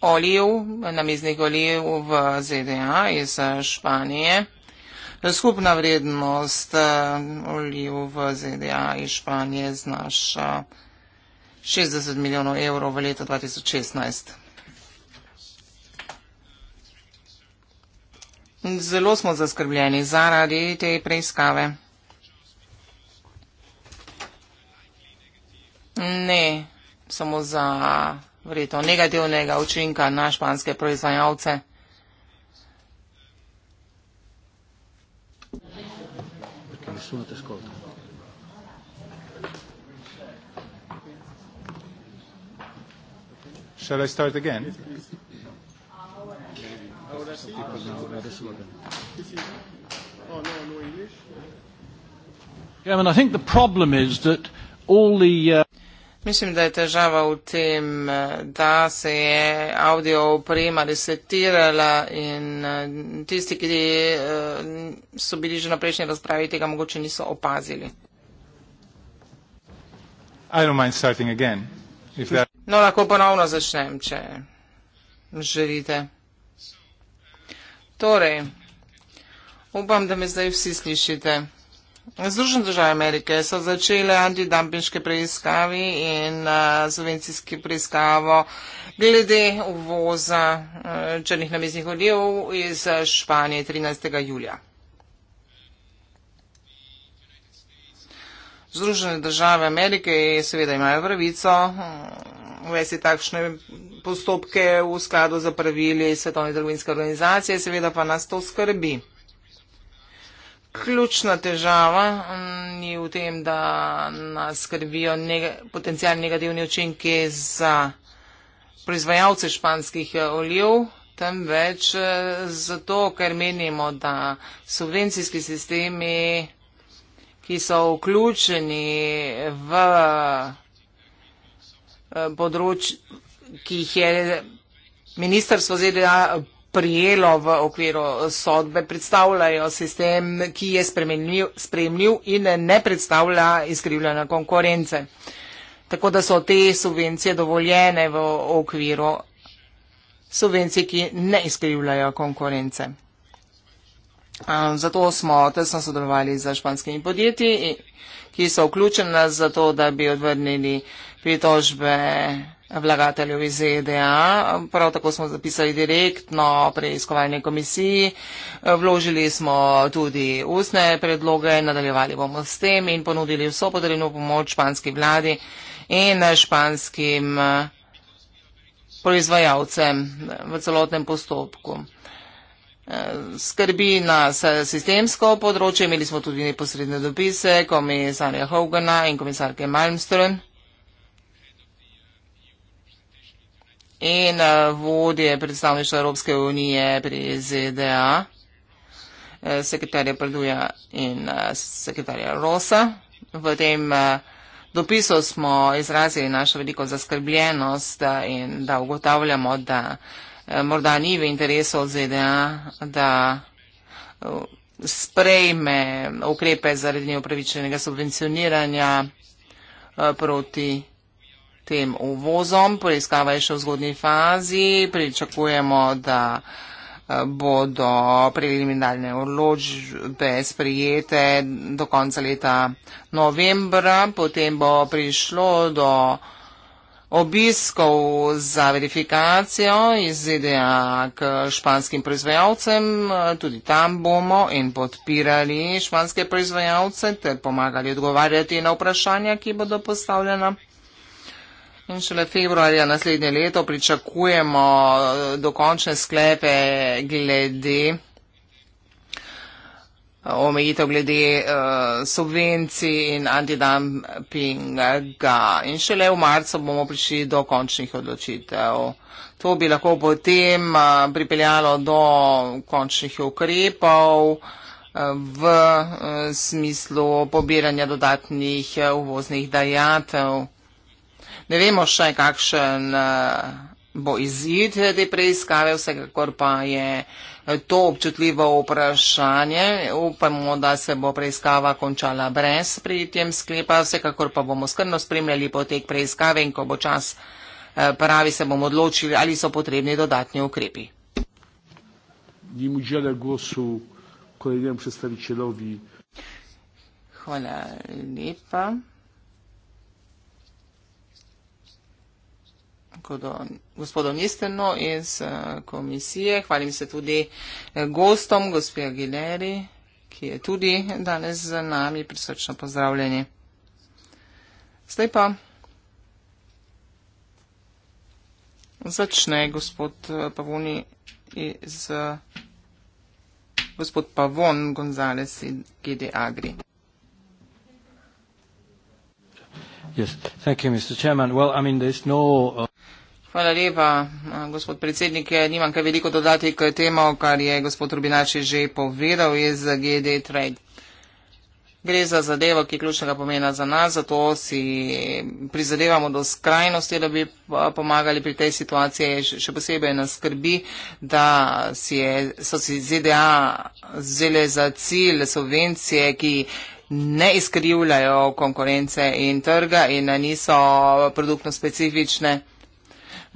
olijev, namiznih olijev v ZDA iz eh, Španije. Skupna vrednost eh, olijev v ZDA iz Španije znaša 60 milijonov evrov v letu 2016. Zelo smo zaskrbljeni zaradi te preiskave. Ne, samo za verjetno negativnega učinka na španske proizvajalce. Shall I start again? Yeah, I, mean, I think the problem is that all the. Uh Mislim, da je težava v tem, da se je audio oprema resetirala in eh, tisti, ki eh, so bili že na prejšnji razpravi, tega mogoče niso opazili. Again, that... No, lahko ponovno začnem, če želite. Torej, upam, da me zdaj vsi slišite. Združene države Amerike so začele antidampinške preiskave in uh, eh, subvencijske preiskave glede uvoza uh, črnih namestnih oljev iz Španije 13. julija. Združene države Amerike seveda imajo pravico hm, uvesti takšne postopke v skladu z pravili Svetovne trgovinske organizacije, seveda pa nas to skrbi ključna težava mm, ni v tem, da nas skrbijo neg potencijalni negativni učinki za proizvajalce španskih eh, oljev, temveč eh, zato, ker menimo, da subvencijski sistemi, ki so vključeni v eh, področje, ki jih je ministrstvo ZDA prijelo v okviru sodbe, predstavljajo sistem, ki je spremljiv in ne predstavlja izkrivljena konkurence. Tako da so te subvencije dovoljene v okviru subvencij, ki ne izkrivljajo konkurence. Zato smo tesno sodelovali z španskimi podjetji, ki so vključena zato, da bi odvrnili pritožbe vlagateljev iz ZDA. E Prav tako smo zapisali direktno preiskovalni komisiji, vložili smo tudi ustne predloge, nadaljevali bomo s tem in ponudili vso podarjeno pomoč španski vladi in španskim eh, proizvajalcem v celotnem postopku. Eh, skrbi nas eh, sistemsko področje, imeli smo tudi neposredne dopise komisarja Hogana in komisarke Malmström. in eh, vodje predstavništva Evropske unije pri ZDA, eh, sekretarja Prduja in eh, sekretarja Rosa. V tem dopisu smo izrazili našo veliko zaskrbljenost in da ugotavljamo, da morda ni v interesu od ZDA, da sprejme ukrepe zaradi neupravičenega subvencioniranja proti tem uvozom. Preiskava je še v zgodnji fazi. Pričakujemo, da eh, bodo preliminarne odločbe sprijete do konca leta novembra. Potem bo prišlo do obiskov za verifikacijo iz ZDA k španskim proizvajalcem. Tudi tam bomo in podpirali španske proizvajalce ter pomagali odgovarjati na vprašanja, ki bodo postavljena. In šele februarja naslednje leto pričakujemo eh, dokončne sklepe glede eh, omejitev glede uh, subvencij in antidumpinga. In šele v marcu bomo prišli do končnih odločitev. To bi lahko potem uh, pripeljalo do končnih ukrepov v smislu pobiranja dodatnih uvoznih dajatev. Ne vemo še, kakšen eh, bo izid te preiskave, vsekakor pa je eh, to občutljivo vprašanje. Upamo, da se bo preiskava končala brez pri tem sklepa, vsekakor pa bomo skrno spremljali potek preiskave in ko bo čas eh, pravi, se bomo odločili, ali so potrebni dodatni ukrepi. Hvala lepa. gospodom, gospodom Istenu iz eh, komisije. Hvalim se tudi eh, gostom, gospe Aguileri, ki je tudi danes z nami prisrčno pozdravljeni. Zdaj pa začne gospod eh, Pavoni iz gospod Pavon Gonzales in GD Agri. Yes, thank you, Mr. Chairman. Well, I mean, there's no... Uh... Hvala lepa, eh, gospod predsednik. Ja, nimam kaj veliko dodati k temu, kar je gospod Rubinači že povedal iz GD Trade. Gre za zadevo, ki je ključnega pomena za nas, zato si prizadevamo do skrajnosti, da bi eh, pomagali pri tej situaciji. Še posebej nas skrbi, da si je, so si ZDA vzele za cilj subvencije, ki ne izkrivljajo konkurence in trga in niso produktno specifične.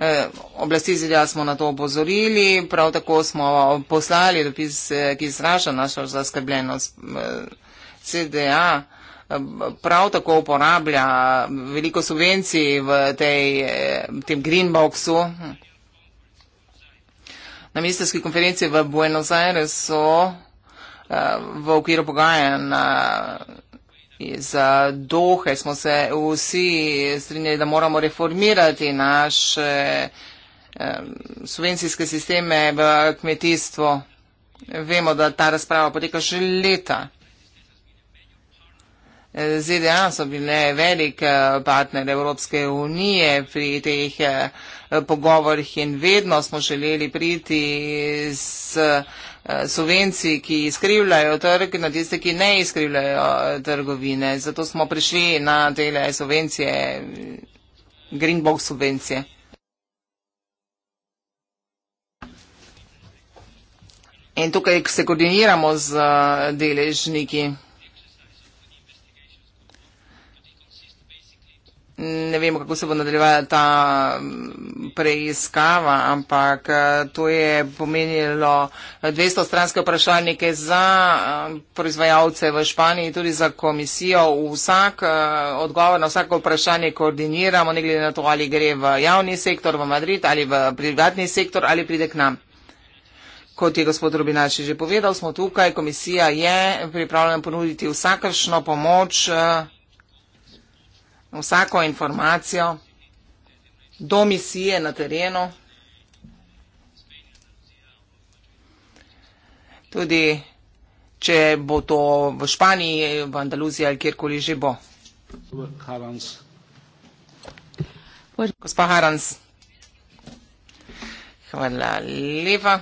Eh, oblasti zelja smo na to opozorili, prav tako smo poslali dopis, eh, ki izraža našo zaskrbljenost. CDA eh, prav tako uporablja veliko subvencij v tej, tem green boxu. Na ministerski konferenci v Buenos Aires so v okviru pogajanj iz Dohe smo se vsi strinjali, da moramo reformirati naše subvencijske sisteme v kmetijstvo. Vemo, da ta razprava poteka že leta. ZDA so bile velik eh, partner Evropske unije pri teh eh, pogovorih in vedno smo želeli priti z Eh, subvenci, ki izkrivljajo trg, na tiste, ki ne izkrivljajo eh, trgovine. Zato smo prišli na dele subvencije, green box subvencije. In tukaj se koordiniramo z eh, deležniki. ne vemo, kako se bo nadaljevala ta preiskava, ampak eh, to je pomenilo 200 eh, stranske vprašalnike za eh, proizvajalce v Španiji, tudi za komisijo. Vsak odgovor na vsako vprašanje koordiniramo, ne glede na to, ali gre v javni sektor v Madrid ali v privatni sektor ali pride k nam. Kot je gospod Rubinači že povedal, smo tukaj, komisija je pripravljena ponuditi vsakršno pomoč vsako informacijo do misije na terenu. Tudi, če bo to v Španiji, v Andaluziji ali kjerkoli že bo. Gospa Harans, hvala lepa.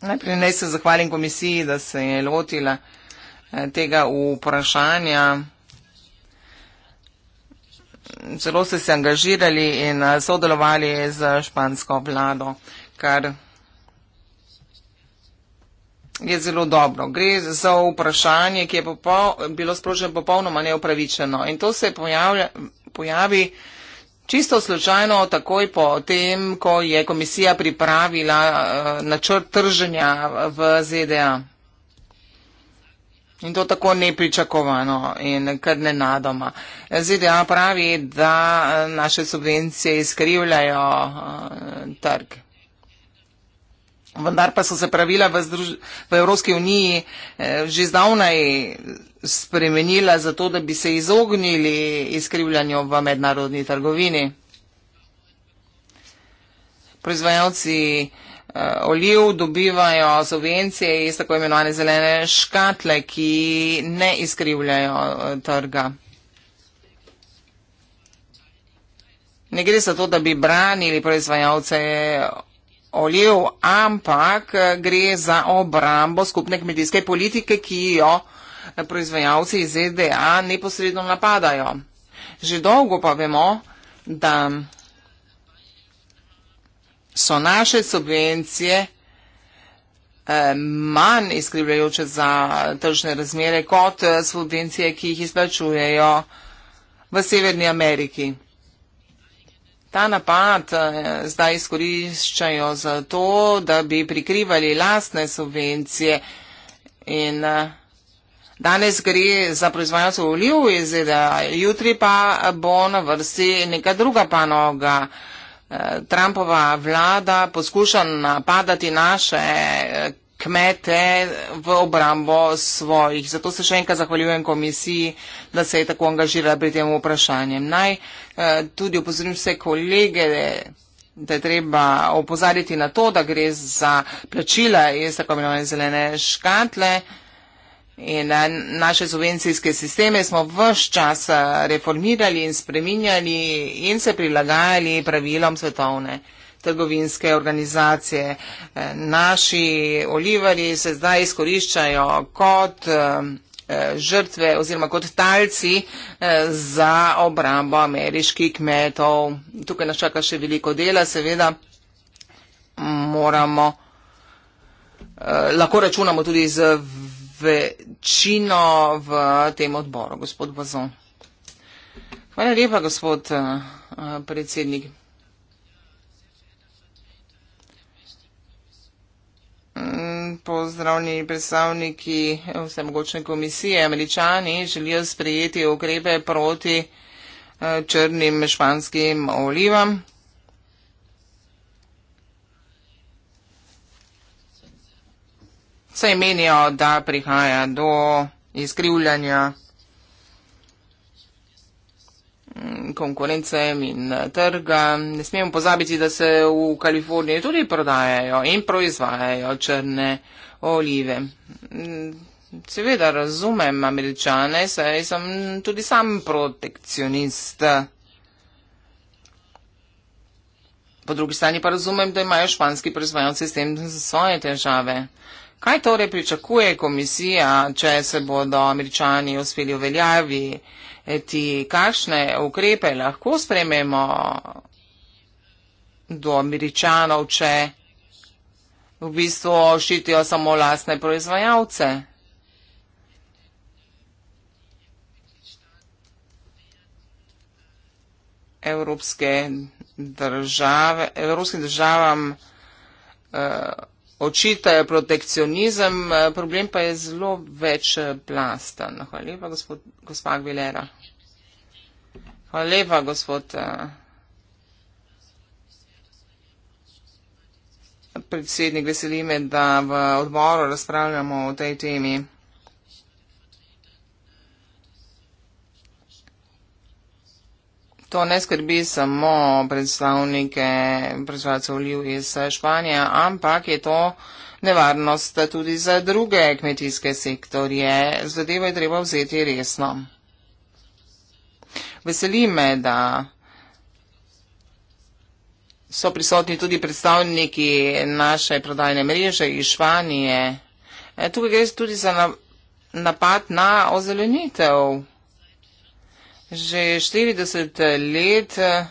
Najprej naj se zahvalim komisiji, da se je lotila tega vprašanja. Zelo so se angažirali in eh, sodelovali z špansko vlado, kar je zelo dobro. Gre za vprašanje, ki je popol, bilo sproženo popolnoma neupravičeno in to se pojavlja, pojavi čisto slučajno takoj po tem, ko je komisija pripravila eh, načrt trženja v ZDA. In to tako nepričakovano in kar nenadoma. ZDA pravi, da eh, naše subvencije izkrivljajo uh, trg. Vendar pa so se pravila v, Združ v Evropski uniji eh, že zdavnaj spremenila zato, da bi se izognili izkrivljanju v mednarodni trgovini. Proizvajalci eh, Eh, oliv dobivajo subvencije iz tako imenovane zelene škatle, ki ne izkrivljajo eh, trga. Ne gre za to, da bi branili proizvajalce oliv, ampak eh, gre za obrambo skupne kmetijske politike, ki jo proizvajalci iz ZDA neposredno napadajo. Že dolgo pa vemo, da so naše subvencije eh, manj izkrivljajoče za tržne razmere kot eh, subvencije, ki jih izplačujejo v Severni Ameriki. Ta napad eh, zdaj izkoriščajo za to, da bi prikrivali lastne subvencije in danes gre za proizvajalce oliv iz ZDA, jutri pa bo na vrsti neka druga panoga. Trumpova vlada poskuša napadati naše eh, kmete v obrambo svojih. Zato se še enkrat zahvaljujem komisiji, da se je tako angažirala pri tem vprašanjem. Naj eh, tudi opozorim vse kolege, da je treba opozoriti na to, da gre za plačila iz tako imenovane zelene škatle. In eh, naše subvencijske sisteme smo vse čas eh, reformirali in spreminjali in se prilagajali pravilom svetovne trgovinske organizacije. Eh, naši olivari se zdaj izkoriščajo kot žrtve oziroma kot talci za obrambo ameriških kmetov. Tukaj nas čaka še veliko dela, seveda moramo, lahko računamo tudi z večino v tem odboru, gospod Bazon. Hvala lepa, gospod uh, predsednik. Mm, Pozdravni predstavniki eh, vse mogočne komisije. Američani želijo sprejeti ukrepe proti eh, črnim španskim olivam. saj menijo, da prihaja do izkrivljanja mm, konkurence in eh, trga. Ne smemo pozabiti, da se v Kaliforniji tudi prodajajo in proizvajajo črne olive. Mm, seveda razumem američane, saj sem tudi sam protekcionist. Po drugi strani pa razumem, da imajo španski proizvajalci s tem svoje težave. Kaj torej pričakuje komisija, če se bodo američani uspeli uveljaviti, kakšne ukrepe lahko sprememo do američanov, če v bistvu ščitijo samo lastne proizvajalce? Evropske države, evropskim državam uh, očitajo protekcionizem, problem pa je zelo večplasten. Eh, Hvala lepa, gospod, gospa Aguilera. Hvala lepa, gospod eh, predsednik, veseli me, da v odboru razpravljamo o tej temi. To ne skrbi samo predstavnike proizvajalcev iz eh, Španije, ampak je to nevarnost tudi za druge kmetijske sektorje. Zadeve je treba vzeti resno. Veseli me, da so prisotni tudi predstavniki naše prodajne mreže iz Španije. Eh, tukaj gre tudi za napad na ozelenitev. Že 40 let eh,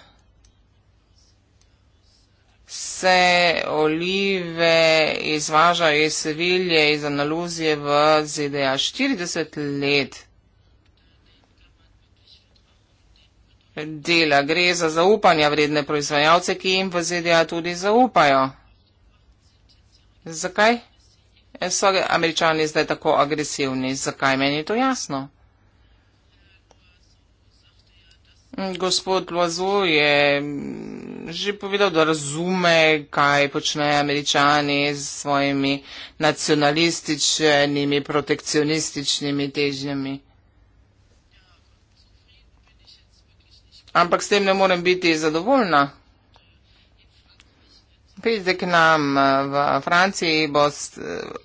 se olive izvažajo iz Sevilje, iz Analuzije v ZDA. 40 let dela gre za zaupanja vredne proizvajalce, ki jim v ZDA tudi zaupajo. Zakaj so američani zdaj tako agresivni? Zakaj meni je to jasno? Gospod Loazo je že povedal, da razume, kaj počnejo američani s svojimi nacionalističnimi, protekcionističnimi težnjami. Ampak s tem ne morem biti zadovoljna. Pridite k nam v Franciji,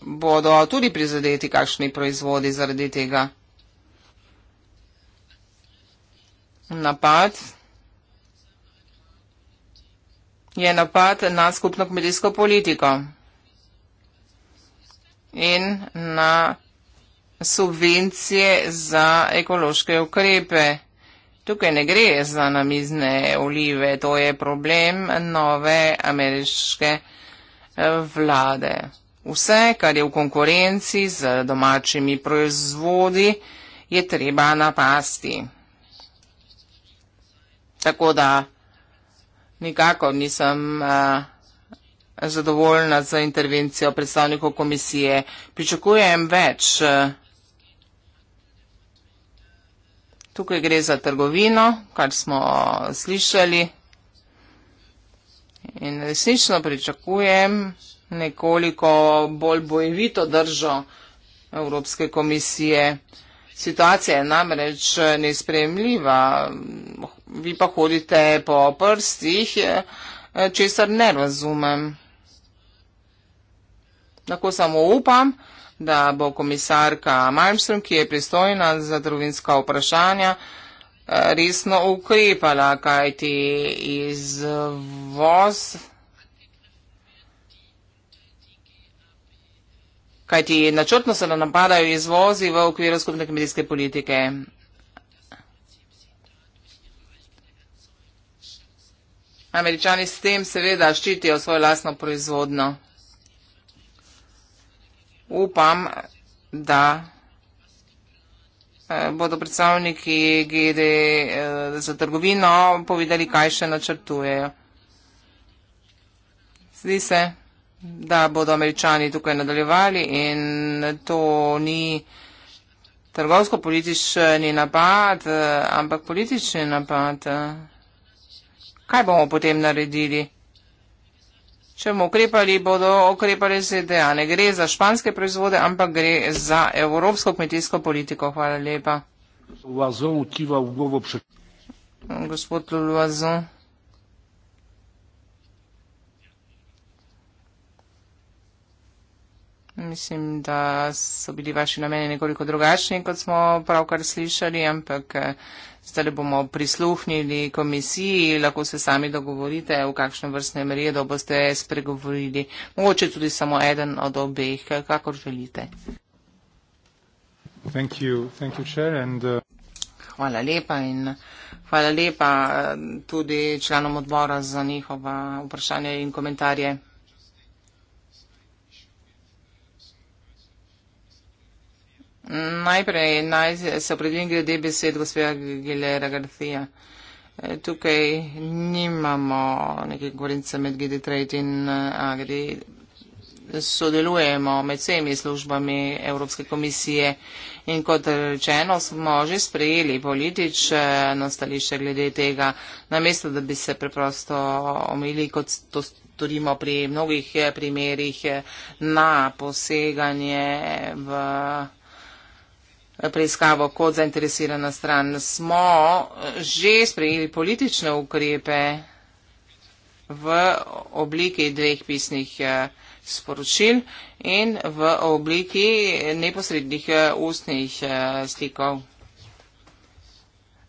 bodo tudi prizadeti kakšni proizvodi zaradi tega. napad. Je napad na skupno kmetijsko politiko in na subvencije za ekološke ukrepe. Tukaj ne gre za namizne olive, to je problem nove ameriške eh, vlade. Vse, kar je v konkurenci z domačimi proizvodi, je treba napasti. Tako da nikakor nisem eh, zadovoljna z intervencijo predstavnikov komisije. Pričakujem več. Eh. Tukaj gre za trgovino, kar smo eh, slišali. In resnično pričakujem nekoliko bolj bojevito držo Evropske komisije. Situacija je namreč nespremljiva vi pa hodite po prstih, eh, česar ne razumem. Lahko samo upam, da bo komisarka Malmström, ki je pristojna za trovinska vprašanja, eh, resno ukrepala, kajti izvoz. Kajti načrtno se nam napadajo izvozi v okviru skupne kmetijske politike. Američani s tem seveda ščitijo svojo lastno proizvodno. Upam, da eh, bodo predstavniki GD eh, za trgovino povedali, kaj še načrtujejo. Zdi se, da bodo američani tukaj nadaljevali in to ni trgovsko-politični napad, eh, ampak politični napad. Kaj bomo potem naredili? Če bomo ukrepali, bodo ukrepali ZDA. Ne gre za španske proizvode, ampak gre za evropsko kmetijsko politiko. Hvala lepa. Gospod Luazon. Mislim, da so bili vaši nameni nekoliko drugačni, kot smo pravkar slišali, ampak. Eh, Zdaj bomo prisluhnili komisiji, lahko se sami dogovorite, v kakšnem vrstnem redu boste spregovorili. Mogoče tudi samo eden od obeh, kakor želite. Thank you. Thank you, chair, and, uh... Hvala lepa in hvala lepa eh, tudi članom odbora za njihova vprašanja in komentarje. Najprej naj se opredelim glede besed gospoda Gilera Garcia. E, tukaj nimamo neke govorice med GD3 in e, AGDI. Sodelujemo med vsemi službami Evropske komisije in kot rečeno smo že sprejeli politično stališče glede tega, namesto da bi se preprosto omili, kot to storimo pri mnogih e, primerjih, na poseganje v preiskavo kot zainteresirana stran. Smo že sprejeli politične ukrepe v obliki dveh pisnih eh, sporočil in v obliki neposrednih eh, ustnih eh, stikov.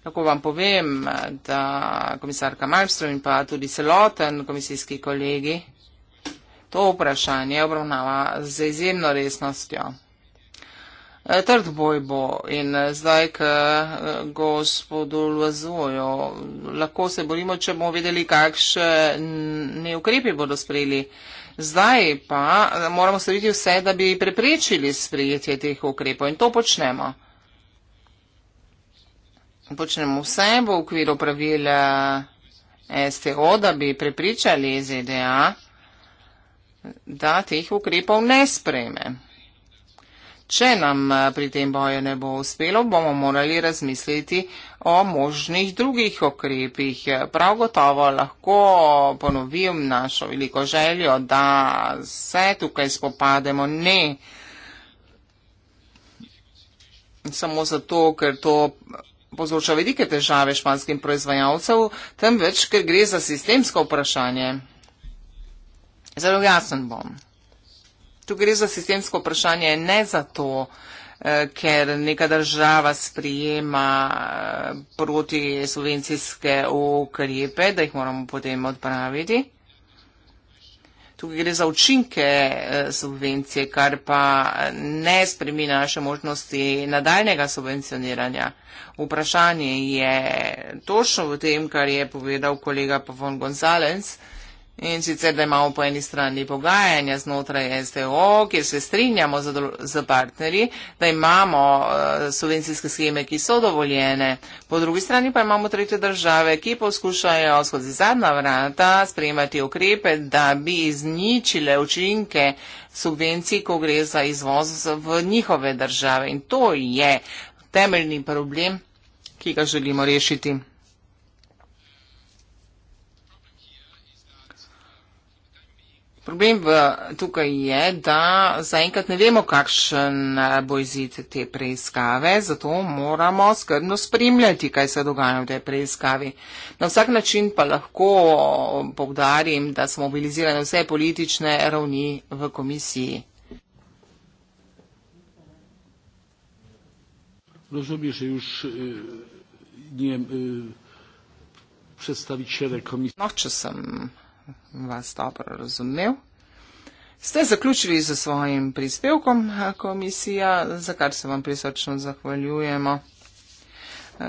Lahko vam povem, da komisarka Malmström in pa tudi celoten komisijski kolegi to vprašanje obravnava z izjemno resnostjo. Eh, Trd boj bo in eh, zdaj, ko eh, gospodu lazujo, lahko se borimo, če bomo vedeli, kakšne neukrepe bodo sprejeli. Zdaj pa moramo storiti vse, da bi preprečili sprejetje teh ukrepov in to počnemo. Počnemo vse v okviru pravil STO, da bi preprečali ZDA, da teh ukrepov ne sprejmem. Če nam eh, pri tem boju ne bo uspelo, bomo morali razmisliti o možnih drugih okrepih. Prav gotovo lahko ponovim našo veliko željo, da se tukaj spopademo ne samo zato, ker to povzroča velike težave španskim proizvajalcev, temveč ker gre za sistemsko vprašanje. Zelo jasen bom. Tu gre za sistemsko vprašanje, ne zato, eh, ker neka država sprijema eh, proti slovencijske ukrepe, da jih moramo potem odpraviti. Tukaj gre za učinke eh, subvencije, kar pa ne spremi naše možnosti nadaljnega subvencioniranja. Vprašanje je točno v tem, kar je povedal kolega Pavon González. In sicer, da imamo po eni strani pogajanja znotraj SDO, kjer se strinjamo z, z partnerji, da imamo uh, subvencijske scheme, ki so dovoljene. Po drugi strani pa imamo tretje države, ki poskušajo skozi zadnja vrata sprejemati okrepe, da bi izničile učinke subvencij, ko gre za izvoz v njihove države. In to je temeljni problem, ki ga želimo rešiti. Problem v, tukaj je, da zaenkrat ne vemo, kakšen eh, bo izid te preiskave, zato moramo skrbno spremljati, kaj se dogaja v tej preiskavi. Na vsak način pa lahko povdarim, da smo mobilizirali vse politične ravni v komisiji. Rozumem, že už njem. Eh, eh, predstaviteľe komisie. No, čo som vas dobro razumev. Ste zaključili z svojim prispevkom, eh, komisija, za kar se vam prisrčno zahvaljujemo. Eh,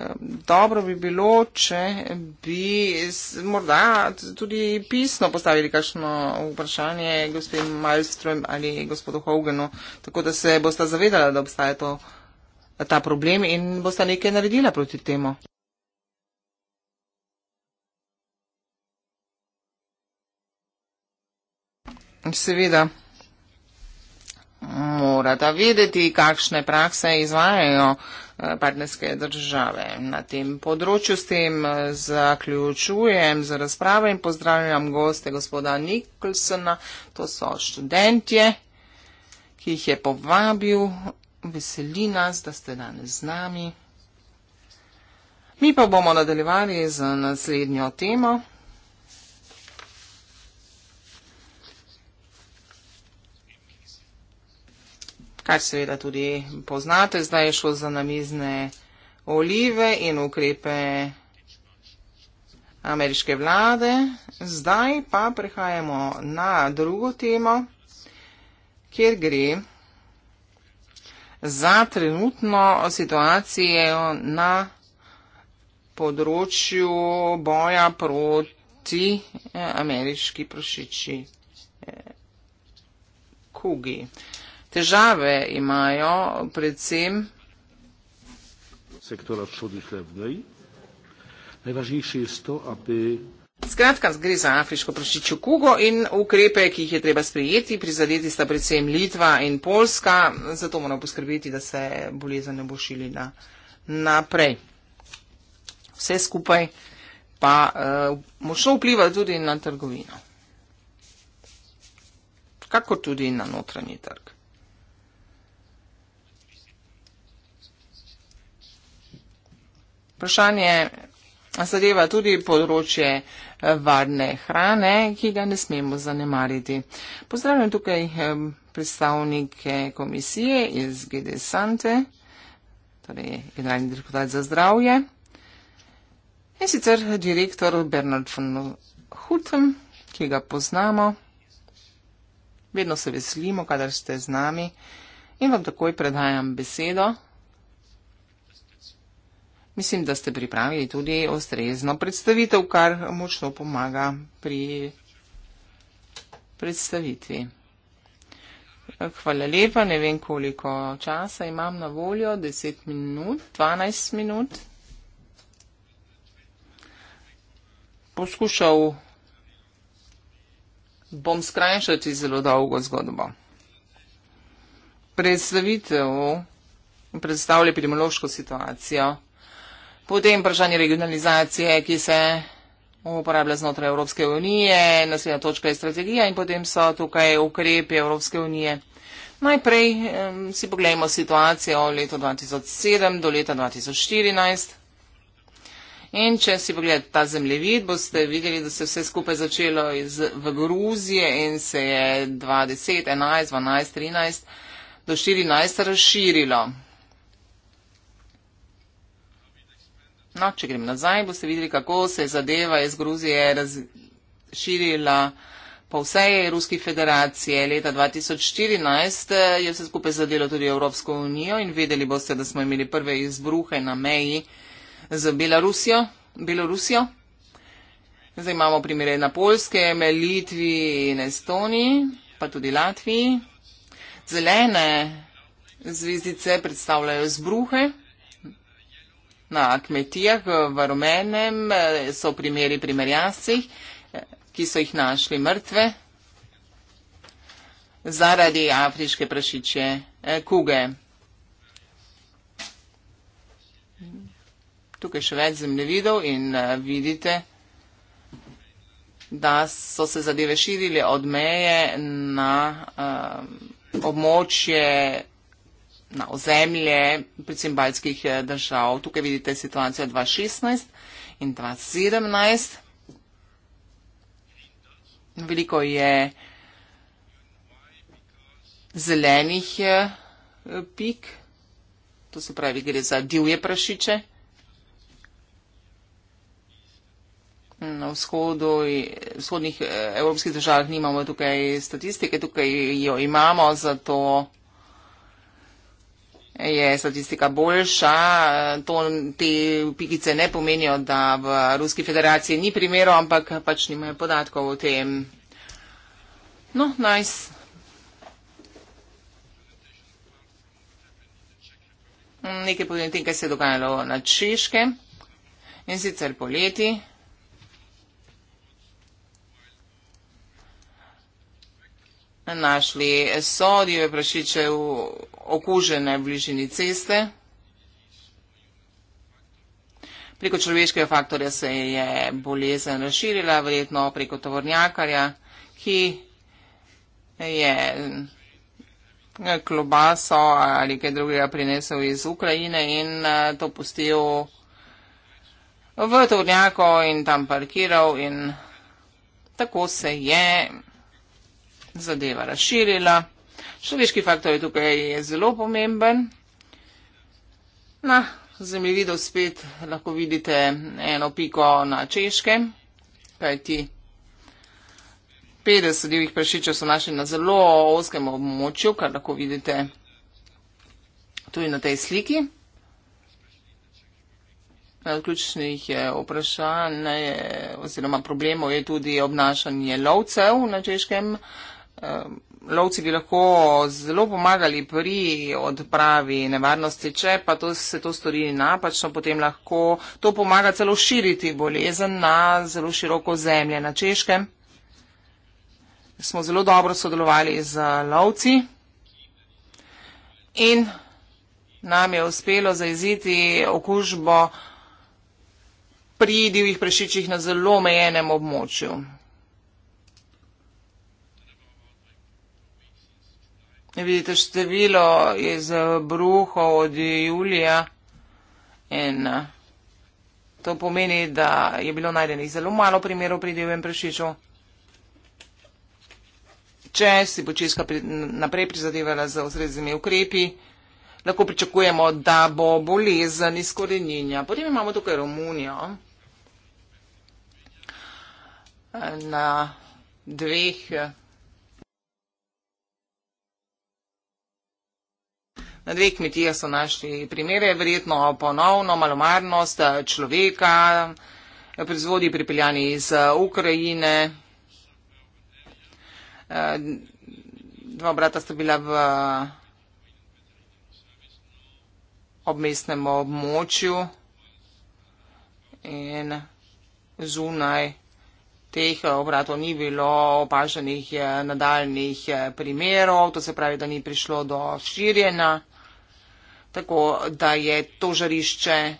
dobro bi bilo, če bi morda tudi pisno postavili kakšno vprašanje gospodin Malström ali gospodu Hogenu, tako da se boste zavedali, da obstaja to, ta problem in boste nekaj naredila proti temu. seveda morata vedeti, kakšne prakse izvajajo eh, partnerske države na tem področju. S tem eh, zaključujem z razpravo in pozdravljam goste gospoda Nikolsona. To so študentje, ki jih je povabil. Veseli nas, da ste danes z nami. Mi pa bomo nadaljevali z naslednjo temo. kar seveda tudi poznate, zdaj je šlo za namizne olive in ukrepe ameriške vlade. Zdaj pa prehajamo na drugo temo, kjer gre za trenutno situacijo na področju boja proti eh, ameriški prošiči eh, kugi težave imajo predvsem sektora čudnih levnej, najvažnejše je to, aby Skratka, gre za afriško prašičjo kugo in ukrepe, ki jih je treba sprejeti, prizadeti sta predvsem Litva in Polska, zato moramo poskrbeti, da se bolezen ne bo šilila naprej. Vse skupaj pa uh, močno vpliva tudi na trgovino, kako tudi na notranji trg. vprašanje zadeva tudi področje eh, varne hrane, ki ga ne smemo zanemariti. Pozdravljam tukaj eh, predstavnike komisije iz GD Sante, torej generalni direktorat za zdravje, in sicer direktor Bernard von Hutem, ki ga poznamo. Vedno se veselimo, kadar ste z nami in vam takoj predajam besedo. Mislim, da ste pripravili tudi ustrezno predstavitev, kar močno pomaga pri predstavitvi. Hvala lepa, ne vem koliko časa imam na voljo, 10 minut, 12 minut. Poskušal bom skrajšati zelo dolgo zgodbo. Predstavitev predstavlja epidemiološko situacijo. Potem vprašanje regionalizacije, ki se uporablja znotraj Evropske unije, naslednja točka je strategija in potem so tukaj ukrepi Evropske unije. Najprej eh, si pogledajmo situacijo od leta 2007 do leta 2014. In če si pogledate ta zemljevid, boste videli, da se je vse skupaj začelo iz, v Gruzije in se je 2010, 2011, 2012, 2013 do 2014 razširilo. No, če grem nazaj, boste videli, kako se je zadeva iz Gruzije razširila po vsej Ruski federacije. Leta 2014 eh, je vse skupaj zadelo tudi Evropsko unijo in vedeli boste, da smo imeli prve izbruhe na meji z Belarusijo. Belorusijo. Zdaj imamo primere na Polskem, Litvi in Estoniji, pa tudi Latviji. Zelene zvezdice predstavljajo izbruhe na kmetijah v rumenem so primeri pri merjasih, ki so jih našli mrtve zaradi afriške prašiče eh, kuge. Tukaj še več zemljevidov in eh, vidite, da so se zadeve širili od meje na eh, območje Afrika, na ozemlje, predvsem baljskih eh, držav. Tukaj vidite situacijo 2016 in 2017. Veliko je zelenih eh, pik, to se pravi, gre za divje prašiče. Na vzhodu, eh, vzhodnih evropskih državah nimamo tukaj statistike, tukaj jo imamo, zato je statistika boljša. To, te pikice ne pomenijo, da v Ruski federaciji ni primero, ampak pač nimajo podatkov o tem. No, nice. Nekaj povedem tem, kaj se je dogajalo na Češke in sicer poleti. našli so divje prašiče v okužene bližini ceste. Preko človeškega faktorja se je bolezen razširila, verjetno preko tovornjakarja, ki je klobaso ali kaj drugega prinesel iz Ukrajine in to pustil v tovornjako in tam parkiral in tako se je zadeva razširila. Človeški faktor je tukaj je zelo pomemben. Na zemljevidu spet lahko vidite eno piko na češkem, kajti 50 divjih prašičev so našli na zelo oskem območju, kar lahko vidite tudi na tej sliki. Od ključnih eh, vprašanj eh, oziroma problemov je tudi obnašanje lovcev na češkem lovci bi lahko zelo pomagali pri odpravi nevarnosti, če pa to, se to stori napačno, potem lahko to pomaga celo širiti bolezen na zelo široko zemlje na Češkem. Smo zelo dobro sodelovali z lovci in nam je uspelo zaiziti okužbo pri divjih prešičih na zelo omejenem območju. Vidite, število izbruhov eh, od julija in eh, to pomeni, da je bilo najdenih zelo malo primerov pri divjem prašiču. Če si bo Česka naprej prizadevala za ozrednimi ukrepi, lahko pričakujemo, da bo bolezen izkoreninja. Potem imamo tukaj Romunijo eh, na dveh Na dveh kmetijah so našli primere, verjetno ponovno malomarnost človeka, proizvodi pripeljani iz eh, Ukrajine. Eh, dva brata sta bila v obmestnem območju in zunaj teh eh, obratov ni bilo opaženih nadaljnih primerov, to se pravi, da ni prišlo do širjenja tako da je to žarišče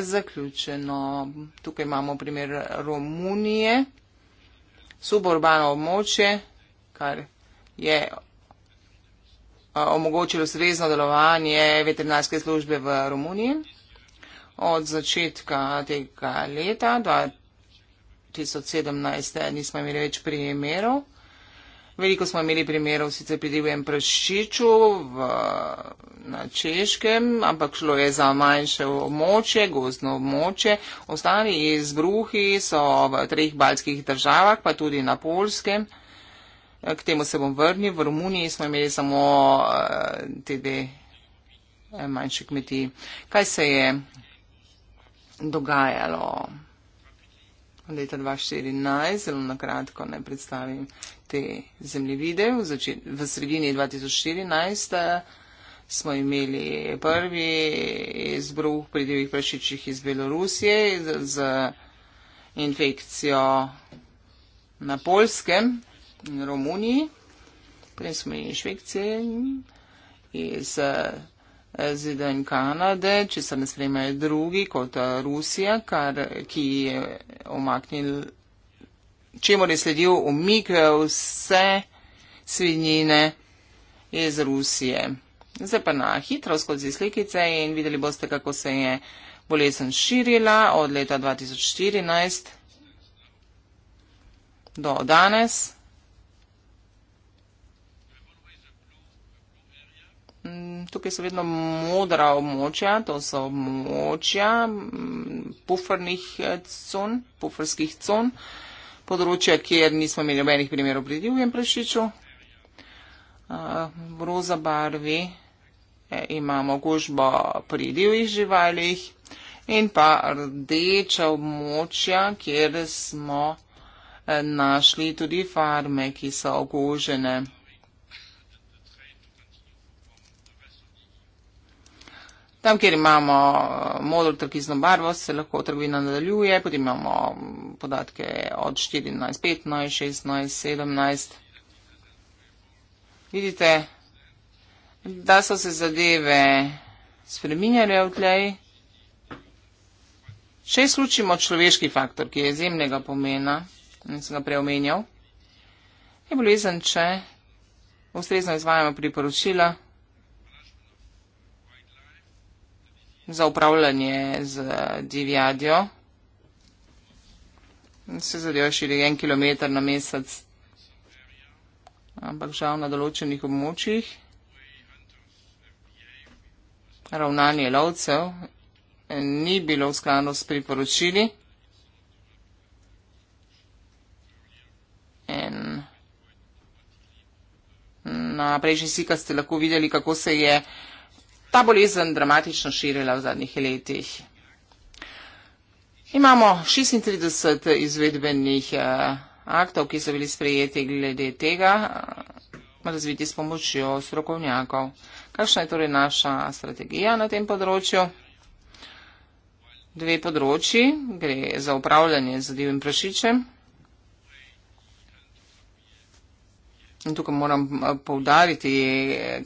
zaključeno. Tukaj imamo primer Romunije, suburbano območje, kar je omogočilo srezno delovanje veterinarske službe v Romuniji. Od začetka tega leta 2017 eh, nismo imeli več primerov. Veliko smo imeli primerov sicer pri divjem prašiču v, na Češkem, ampak šlo je za manjše območje, gozdno območje. Ostali izbruhi so v treh baljskih državah, pa tudi na Polskem. K temu se bom vrnil. V Romuniji smo imeli samo eh, te dve eh, manjše kmetije. Kaj se je dogajalo? Leta 2014, zelo na kratko ne predstavim, te zemljevide. V, v sredini 2014 eh, smo imeli prvi izbruh pri divjih prašičih iz Belorusije z, z infekcijo na Polskem in Romuniji. Potem smo imeli infekcije iz eh, Zidane Kanade, če se ne spremljajo drugi kot eh, Rusija, kar, ki je omaknil čemu je sledil umik vse svinjine iz Rusije. Zdaj pa na hitro skozi slikice in videli boste, kako se je bolesen širila od leta 2014 do danes. Mm, tukaj so vedno modra območja, to so območja mm, pufrnih eh, con, pufrskih con področja, kjer nismo imeli nobenih primerov pri divjem prašiču. Eh, v roza barvi eh, imamo gužbo pri divjih živalih in pa rdeča območja, kjer smo eh, našli tudi farme, ki so ogužene. Tam, kjer imamo eh, modul trkizno barvo, se lahko trgovina nadaljuje, potem imamo mm, podatke od 14, 15, 16, 17. Vidite, da so se zadeve spreminjale v tlej. Še izključimo človeški faktor, ki je izjemnega pomena, in sem ga preomenjal, je bolezen, če ustrezno izvajamo priporočila. za upravljanje z divjadjo. Se zadeva širi en kilometr na mesec, ampak žal na določenih območjih. Ravnanje lovcev ni bilo v skladu s priporočili. En. Na prejšnji slikah ste lahko videli, kako se je uh, ta bolezen dramatično širila v zadnjih letih. Imamo 36 izvedbenih eh, aktov, ki so bili sprejeti glede tega, eh, razviti s pomočjo strokovnjakov. Kakšna je torej naša strategija na tem področju? Dve področji, gre za upravljanje z divjim prašičem. In tukaj moram eh, povdariti,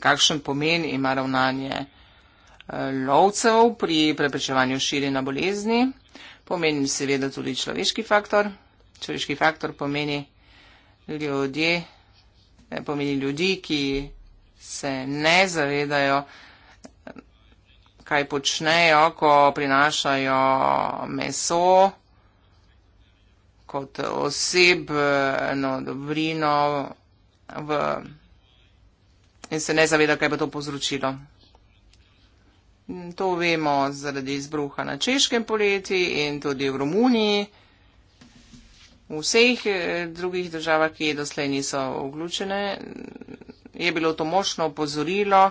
kakšen pomen ima ravnanje lovcev pri preprečevanju širjenja bolezni, pomeni seveda tudi človeški faktor. Človeški faktor pomeni ljudje, eh, pomeni ljudi, ki se ne zavedajo, kaj počnejo, ko prinašajo meso kot osebno dobrino v, in se ne zaveda, kaj bo to povzročilo. To vemo zaradi izbruha na češkem poleti in tudi v Romuniji. V vseh eh, drugih državah, ki je doslej niso vključene, je bilo to močno opozorilo,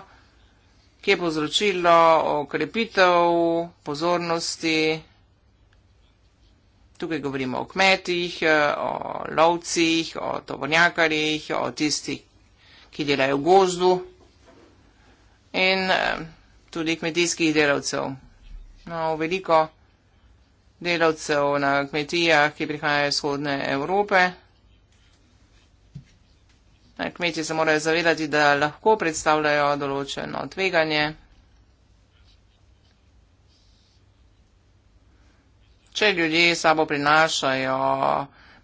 ki je povzročilo okrepitev pozornosti. Tukaj govorimo o kmetih, eh, o lovcih, o tovornjakarjih, o tistih, ki delajo v gozdu. In, eh, tudi kmetijskih delavcev. No, veliko delavcev na kmetijah, ki prihajajo iz vzhodne Evrope. Kmetje se morajo zavedati, da lahko predstavljajo določeno tveganje. Če ljudje sabo prinašajo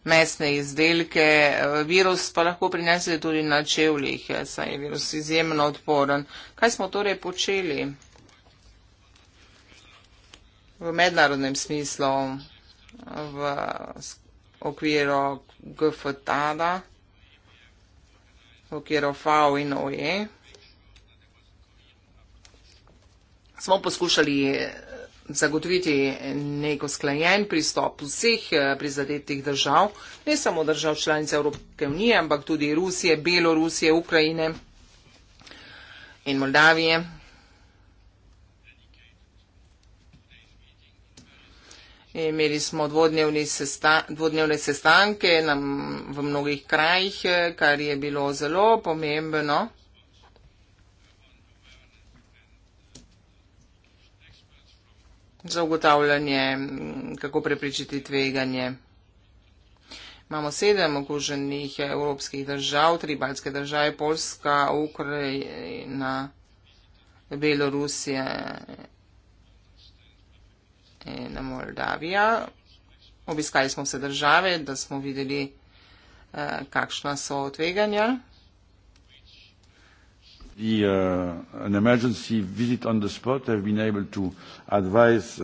mesne izdelke. Eh, virus pa lahko prinese tudi na čevljih, eh, saj je virus izjemno odporen. Kaj smo torej počeli v mednarodnem smislu v okviru GFTAD-a, v okviru FAO in OE? Smo poskušali eh, zagotoviti neko sklajen pristop vseh eh, prizadetih držav, ne samo držav članic Evropske unije, ampak tudi Rusije, Belorusije, Ukrajine in Moldavije. Imeli smo sesta dvodnevne sestanke v mnogih krajih, eh, kar je bilo zelo pomembno. za ugotavljanje, kako preprečiti tveganje. Imamo sedem okuženih evropskih držav, tri balske države, Poljska, Ukrajina, Belorusija in Moldavija. Obiskali smo vse države, da smo videli, eh, kakšna so tveganja the, uh, an emergency visit on the spot have been able to advise.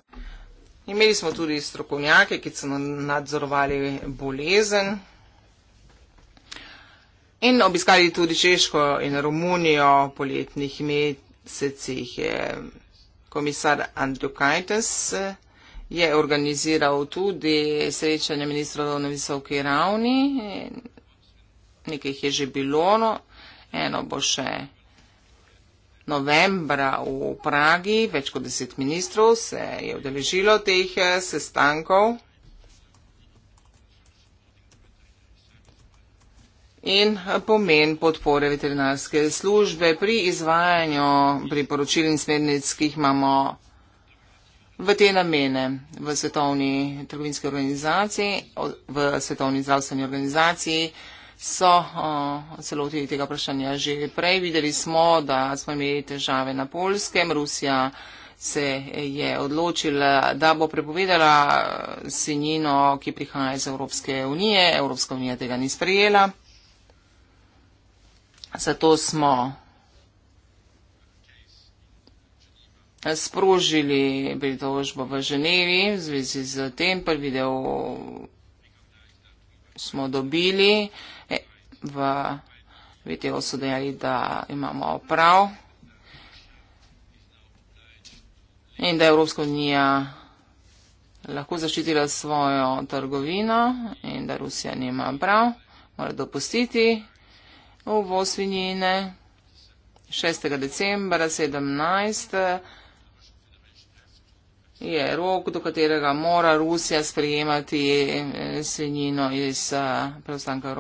Imeli smo tudi strokovnjake, ki so nadzorovali bolezen in obiskali tudi Češko in Romunijo poletnih mesecih. Komisar Andrew Kajtes eh, je organiziral tudi srečanje ministrov na visoki ravni. Nekaj jih je že bilo, no, eno bo še novembra v Pragi, več kot deset ministrov se je udeležilo teh eh, sestankov. In eh, pomen podpore veterinarske službe pri izvajanju priporočil in smernic, ki jih imamo v te namene v Svetovni trgovinski organizaciji, v Svetovni zdravstveni organizaciji so zelo uh, tega vprašanja že prej. Videli smo, da smo imeli težave na polskem. Rusija se je odločila, da bo prepovedala e, sinjino, ki prihaja iz Evropske unije. Evropska unija tega ni sprejela. Zato smo sprožili pritožbo v Ženevi v zvezi z tem prvi del smo dobili, e, v VTO so dejali, da imamo prav in da je Evropska unija lahko zaščitila svojo trgovino in da Rusija nima prav, mora dopustiti uvoz svinjine 6. decembra 17. decembra je rok, do katerega mora Rusija sprijemati eh, svinjino iz eh, preostanka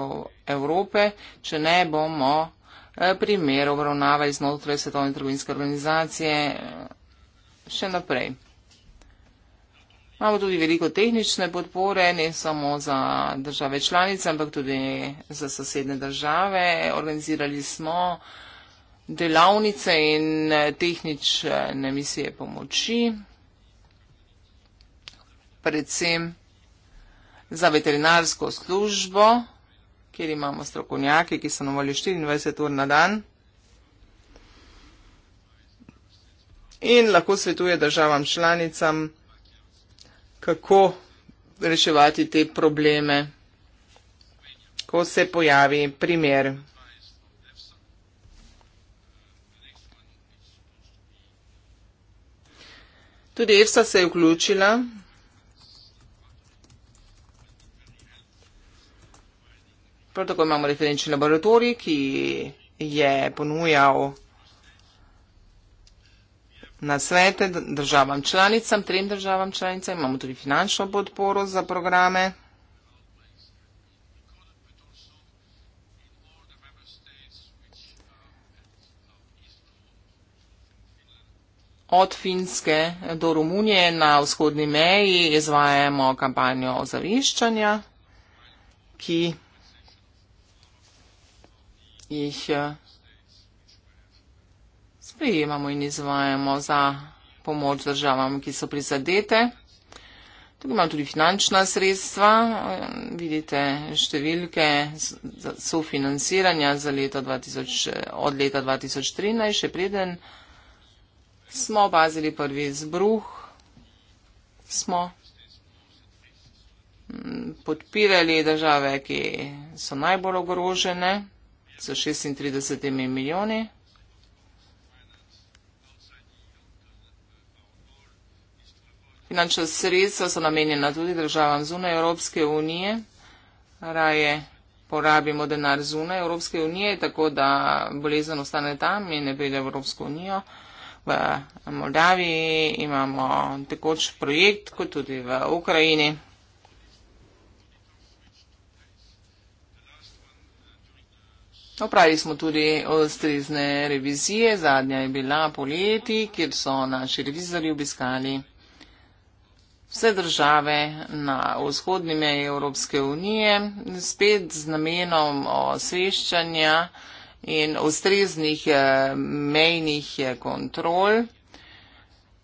Evrope, če ne bomo eh, primer obravnavali znotraj Svetovne trgovinske organizacije še naprej. Imamo tudi veliko tehnične podpore, ne samo za države članice, ampak tudi za sosedne države. Organizirali smo delavnice in tehnične misije pomoči predvsem za veterinarsko službo, kjer imamo strokovnjake, ki so na voljo 24 ur na dan. In lahko svetuje državam članicam, kako reševati te probleme, ko se pojavi primer. Tudi EFSA se je vključila Prav tako imamo referenčni laboratorij, ki je ponujal na svete državam članicam, trem državam članicam, imamo tudi finančno podporo za programe. Od Finske do Romunije na vzhodni meji izvajamo kampanjo ozaviščanja, ki je jih eh, sprejemamo in izvajamo za pomoč državam, ki so prizadete. Tukaj imam tudi finančna sredstva, eh, vidite številke sofinanciranja za leto 2000, od leta 2013, še preden smo opazili prvi zbruh, smo mm, podpirali države, ki so najbolj ogrožene s 36 milijoni. Finančna sredstva so namenjena tudi državam zunaj Evropske unije. Raje porabimo denar zunaj Evropske unije, tako da bolezen ostane tam in ne pride v Evropsko unijo. V Moldaviji imamo tekoč projekt, kot tudi v Ukrajini. Opravili smo tudi ustrezne revizije, zadnja je bila poleti, kjer so naši revizori obiskali vse države na vzhodni meji Evropske unije, spet z namenom osveščanja in ustreznih eh, mejnih eh, kontrol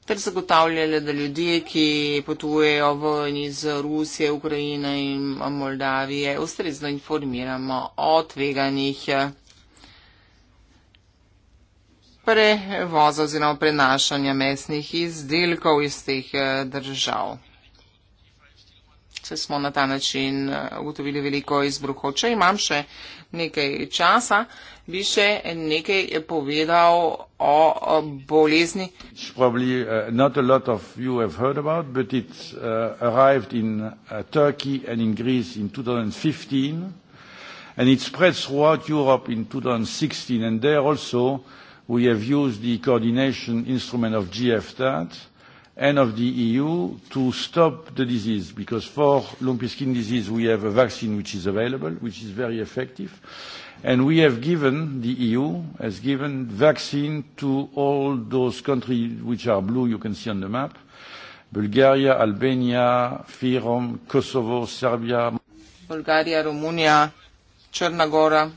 ter zagotavljale, da ljudje, ki potujejo ven iz Rusije, Ukrajine in Moldavije, ustrezno informiramo o tveganih prevoza oziroma prenašanja mesnih izdelkov iz teh eh, držav. Se smo na ta način eh, ugotovili veliko izbruhov. Če imam še nekaj časa, bi še nekaj povedal o bolezni. Probably uh, not a lot of you have heard about, but it uh, arrived in uh, Turkey and in Greece in 2015 and it spread throughout Europe in 2016 and there also we have used the coordination instrument of GFTAT and of the EU to stop the disease because for lumpy skin disease we have a vaccine which is available, which is very effective and we have given, the EU has given vaccine to all those countries which are blue, you can see on the map, Bulgaria, Albania, Fyrom, Kosovo, Serbia. Bulgaria, Romunija, Črna gora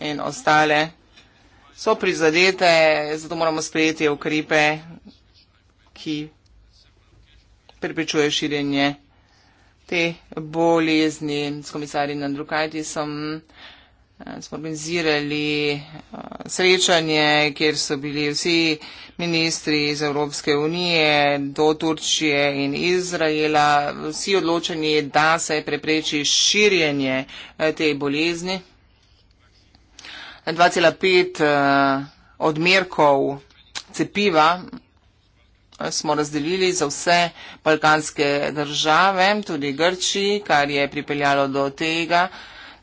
in ostale so prizadete, zato moramo sprejeti ukrepe, ki preprečujejo širjenje te bolezni. S komisarjem Andriukaitisom Eh, smo organizirali eh, srečanje, kjer so bili vsi ministri iz Evropske unije do Turčije in Izraela, vsi odločeni, da se prepreči širjenje eh, te bolezni. 2,5 odmerkov cepiva smo razdelili za vse balkanske države, tudi Grči, kar je pripeljalo do tega,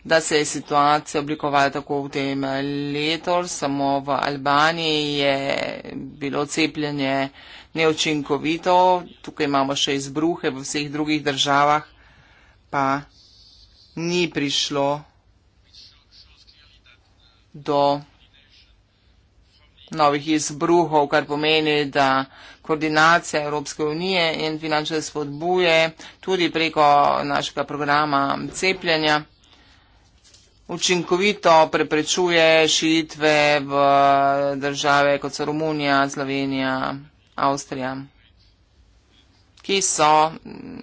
da se je situacija oblikovala tako v tem letor, samo v Albaniji je bilo cepljenje neočinkovito, tukaj imamo še izbruhe v vseh drugih državah, pa ni prišlo do novih izbruhov, kar pomeni, da koordinacija Evropske unije in finančne spodbuje tudi preko našega programa cepljenja učinkovito preprečuje širitve v države kot so Romunija, Slovenija, Avstrija, ki so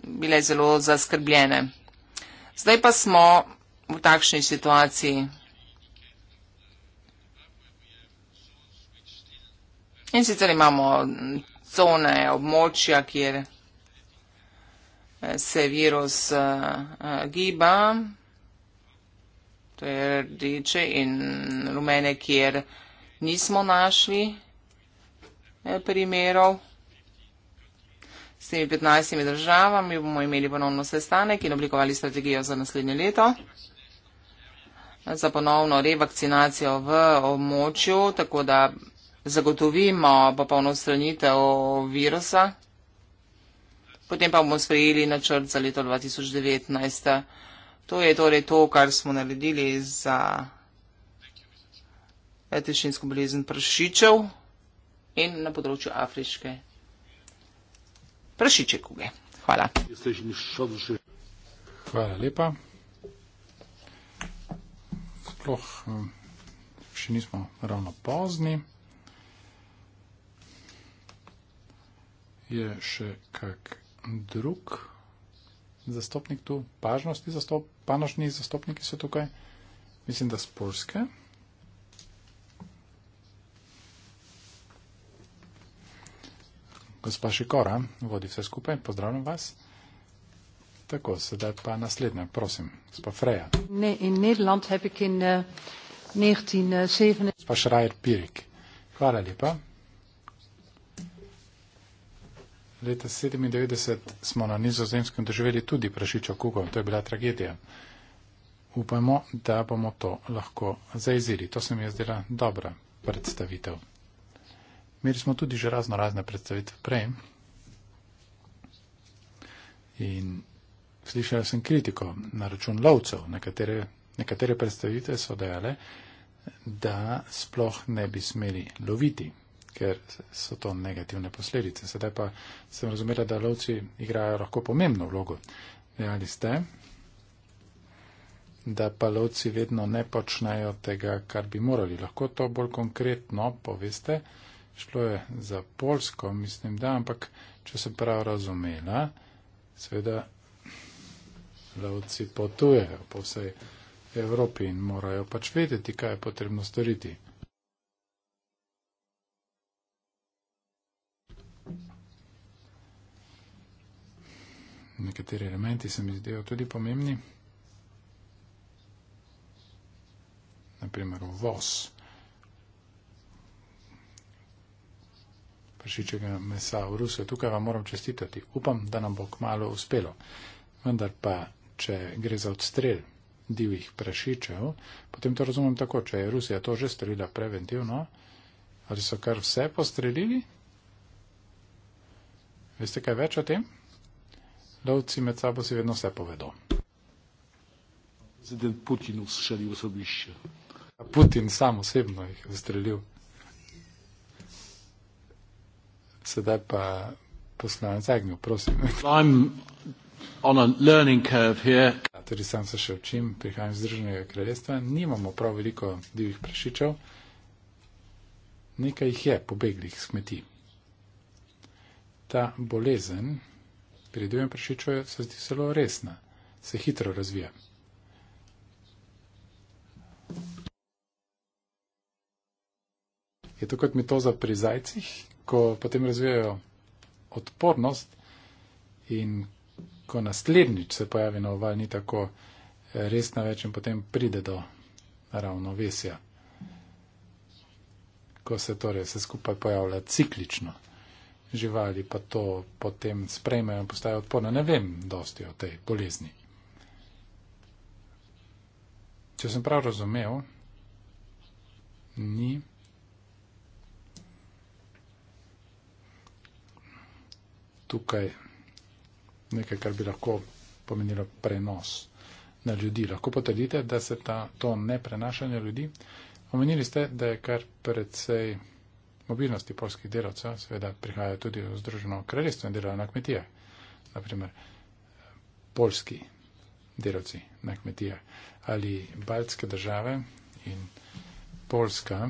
bile zelo zaskrbljene. Zdaj pa smo v takšni situaciji. In sicer imamo cone, območja, kjer se virus uh, uh, giba to je rdeče in rumene, kjer nismo našli eh, primerov. S temi 15 državami bomo imeli ponovno sestanek in oblikovali strategijo za naslednje leto za ponovno revakcinacijo v območju, tako da zagotovimo popolno stranitev virusa. Potem pa bomo sprejeli načrt za leto 2019 to je torej to, kar smo naredili za etičninsko bolezen pršičev in na področju afriške pršiče kuge. Hvala. Hvala lepa. Sploh hm, še nismo ravno pozni. Je še kak drug? zastopnik tu, pažnostni zastop, panošni zastopniki so tukaj, mislim, da spurske. Gospa Šikora vodi vse skupaj, pozdravljam vas. Tako, sedaj pa naslednja, prosim, gospa Freja. Ne, in Nederland heb ik in uh, eh, 1907. Eh, gospa Šrajer Pirik. Hvala lepa. leta 1997 smo na nizozemskem doživeli tudi prašičo kugo, to je bila tragedija. Upamo, da bomo to lahko zaizili. To se mi je zdela dobra predstavitev. Imeli smo tudi že razno razne predstavitve prej. In slišala sem kritiko na račun lovcev. Nekatere, nekatere predstavitve so dejale, da sploh ne bi smeli loviti ker so to negativne posledice. Sedaj pa sem razumela, da lovci igrajo lahko pomembno vlogo. Dejali ste, da pa lovci vedno ne počnejo tega, kar bi morali. Lahko to bolj konkretno poveste. Šlo je za Polsko, mislim, da, ampak če sem prav razumela, seveda lovci potujejo po vsej Evropi in morajo pač vedeti, kaj je potrebno storiti. nekateri elementi se mi zdijo tudi pomembni. Naprimer, voz pršičega mesa v Rusijo. Tukaj vam moram čestitati. Upam, da nam bo kmalo uspelo. Vendar pa, če gre za odstrel divjih prašičev, potem to razumem tako, če je Rusija to že strelila preventivno, ali so kar vse postrelili? Veste kaj več o tem? lovci med sabo si vedno vse povedo. Zdaj Putin ustrelil v sobišče. Putin sam osebno jih ustrelil. Sedaj pa poslanec Agnew, prosim. I'm on a learning curve here. Ja, tudi sam se še učim, prihajam iz Združenega kraljestva, nimamo prav veliko divjih prašičev, nekaj jih je pobeglih s kmetij. Ta bolezen, pri drugem prašiču se zdi zelo resna, se hitro razvija. Je to kot mitoza pri zajcih, ko potem razvijajo odpornost in ko naslednjič se pojavi na oval, ni tako eh, resna več in potem pride do ravnovesja. Ko se torej vse skupaj pojavlja ciklično živali pa to potem sprejmejo in postajo odporne. Ne vem dosti o tej bolezni. Če sem prav razumel, ni. Tukaj nekaj, kar bi lahko pomenilo prenos na ljudi. Lahko potrdite, da se ta, to ne prenaša na ljudi. Omenili ste, da je kar precej mobilnosti polskih delavcev, seveda prihajajo tudi v Združeno kraljestvo in delajo na kmetijah. Naprimer, polski delavci na kmetijah ali baltske države in Polska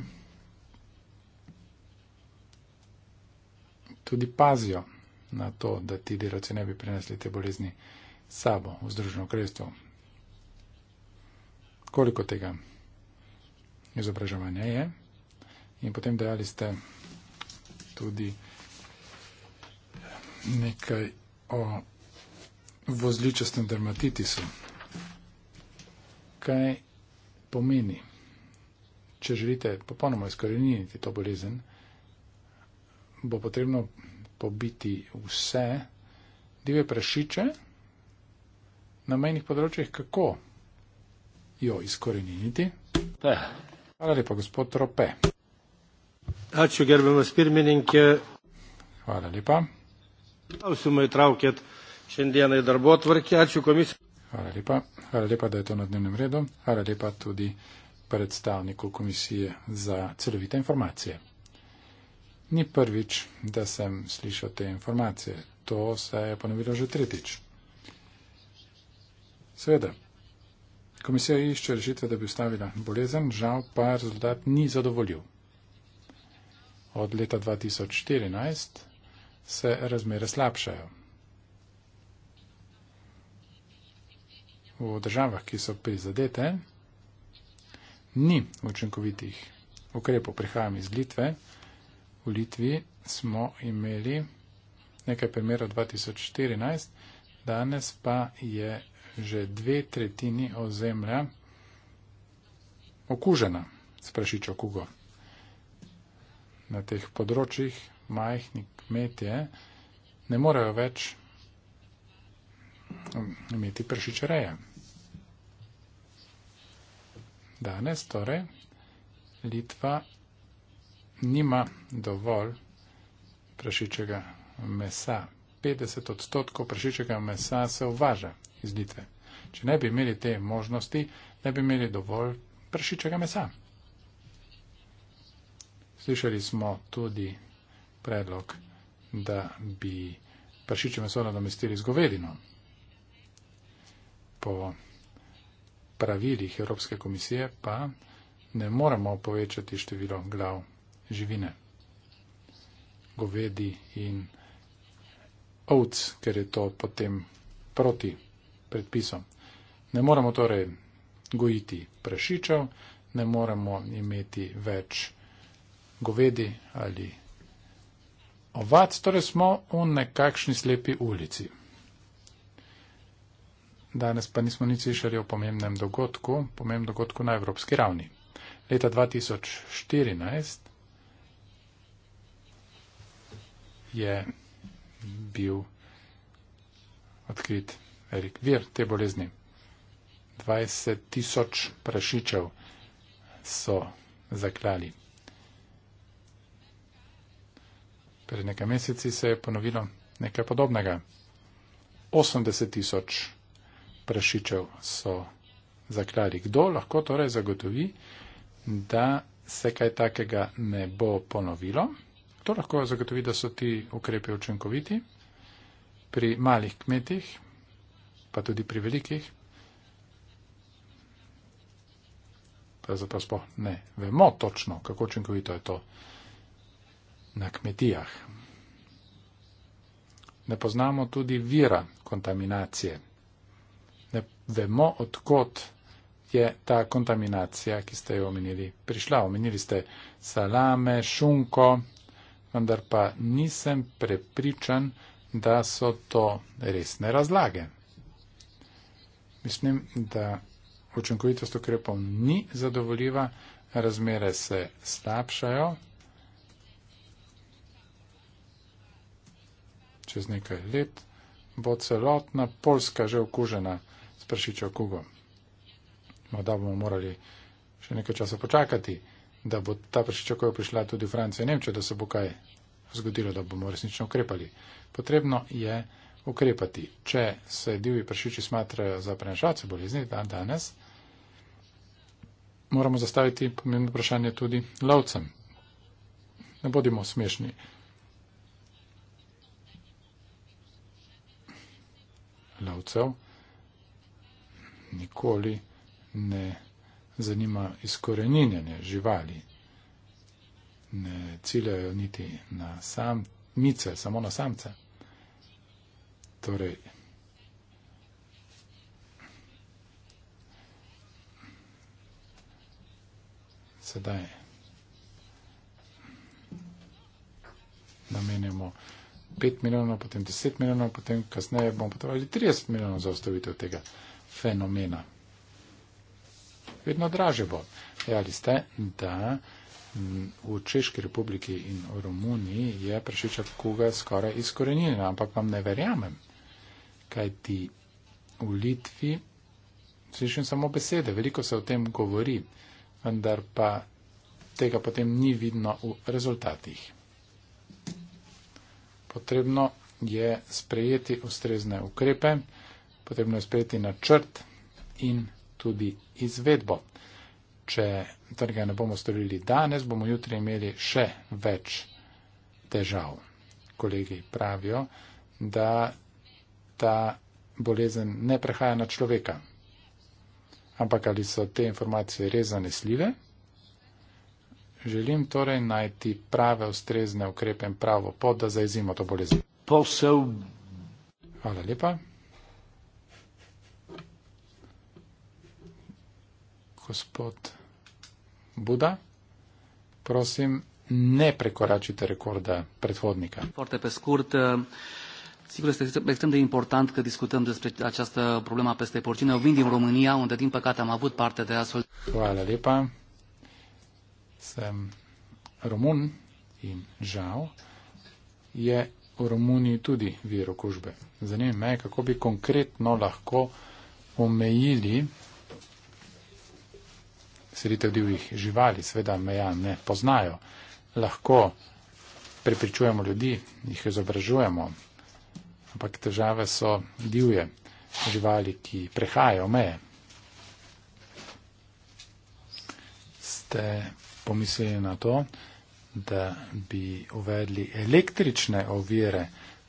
tudi pazijo na to, da ti delavci ne bi prenesli te bolezni sabo v Združeno kraljestvo. Koliko tega izobraževanja je? In potem dejali ste tudi nekaj o vozličastem dermatitisu. Kaj pomeni, če želite popolnoma izkoreniniti to bolezen, bo potrebno pobiti vse dive prašiče na mejnih področjih, kako jo izkoreniniti. Eh. Hvala lepa, gospod Trope. Ačiū gerbiamas pirmininkė. Hvala lipa. Klausimai traukėt šiandieną į darbo tvarkį. Ačiū komisijai. Hvala lipa. Hvala lipa, da je to na dnevnem redu. Hvala lipa tudi predstavniku komisije za celovite informacije. Ni prvič, da sem slišal te informacije. To se je ponovilo že tretjič. Seveda, komisija išče rešitve, da bi ustavila bolezen, žal pa rezultat ni zadovoljiv od leta 2014 se razmere slabšajo. V državah, ki so prizadete, ni učinkovitih ukrepov. Prihajam iz Litve. V Litvi smo imeli nekaj primerov 2014, danes pa je že dve tretjini ozemlja okužena s prašičjo kugo na teh področjih, majhni kmetje, ne morejo več um, imeti pršičereje. Danes torej Litva nima dovolj prašičega mesa. 50 odstotkov prašičega mesa se uvaža iz Litve. Če ne bi imeli te možnosti, ne bi imeli dovolj prašičega mesa. Slišali smo tudi predlog, da bi pršiče meso nadomestili z govedino. Po pravilih Evropske komisije pa ne moramo povečati število glav živine, govedi in ovc, ker je to potem proti predpisom. Ne moramo torej gojiti prašičev, ne moramo imeti več govedi ali ovac, torej smo v nekakšni slepi ulici. Danes pa nismo nič slišali o pomembnem dogodku, pomembnem dogodku na evropski ravni. Leta 2014 je bil odkrit Erik Vir te bolezni. 20 tisoč prašičev so zaklali. pred nekaj meseci se je ponovilo nekaj podobnega. 80 tisoč prašičev so zaklali. Kdo lahko torej zagotovi, da se kaj takega ne bo ponovilo? Kdo lahko zagotovi, da so ti ukrepi učinkoviti pri malih kmetih, pa tudi pri velikih? Pravzaprav spoh ne vemo točno, kako učinkovito je to na kmetijah. Ne poznamo tudi vira kontaminacije. Ne vemo, odkot je ta kontaminacija, ki ste jo omenili, prišla. Omenili ste salame, šunko, vendar pa nisem prepričan, da so to resne razlage. Mislim, da učinkovitost ukrepov ni zadovoljiva, razmere se slabšajo, čez nekaj let bo celotna Poljska že okužena s pršičjo kugo. Morda bomo morali še nekaj časa počakati, da bo ta pršičjo kugo prišla tudi v Francijo in Nemčijo, da se bo kaj zgodilo, da bomo resnično ukrepali. Potrebno je ukrepati. Če se divji pršiči smatrajo za prenašalce bolezni, da danes, moramo zastaviti pomembno vprašanje tudi lovcem. Ne bodimo smešni. poznavcev, nikoli ne zanima izkoreninjanje živali. Ne ciljajo niti na samice, samo na samce. Torej, sedaj namenjamo 5 milijonov, potem 10 milijonov, potem kasneje bomo potrebovali 30 milijonov za ustavitev tega fenomena. Vedno draže bo. Dejali ste, da mm, v Češki republiki in v Romuniji je prašiča kuga skoraj izkorenjena, ampak vam ne verjamem, kaj ti v Litvi slišim samo besede, veliko se o tem govori, vendar pa tega potem ni vidno v rezultatih potrebno je sprejeti ustrezne ukrepe, potrebno je sprejeti načrt in tudi izvedbo. Če tega ne bomo storili danes, bomo jutri imeli še več težav. Kolegi pravijo, da ta bolezen ne prehaja na človeka. Ampak ali so te informacije res zanesljive? Želim torej najti prave, ustrezne ukrepe in pravo pot, da zaezimo to bolezen. Posel. Hvala lepa. Gospod Buda, prosim, ne prekoračite rekorda predhodnika. Forte pe scurt, Sigur, este extrem de important că discutăm despre această problemă a peste porcine. Eu vin din România, unde, din păcate, am avut parte de astfel. Hvala lepa sem Romun in žal je v Romuniji tudi vir okužbe. Zanima me, kako bi konkretno lahko omejili selitev divjih živali. Sveda meja ne poznajo. Lahko prepričujemo ljudi, jih izobražujemo, ampak težave so divje živali, ki prehajajo meje. Ste pomislili na to, da bi uvedli električne ovire,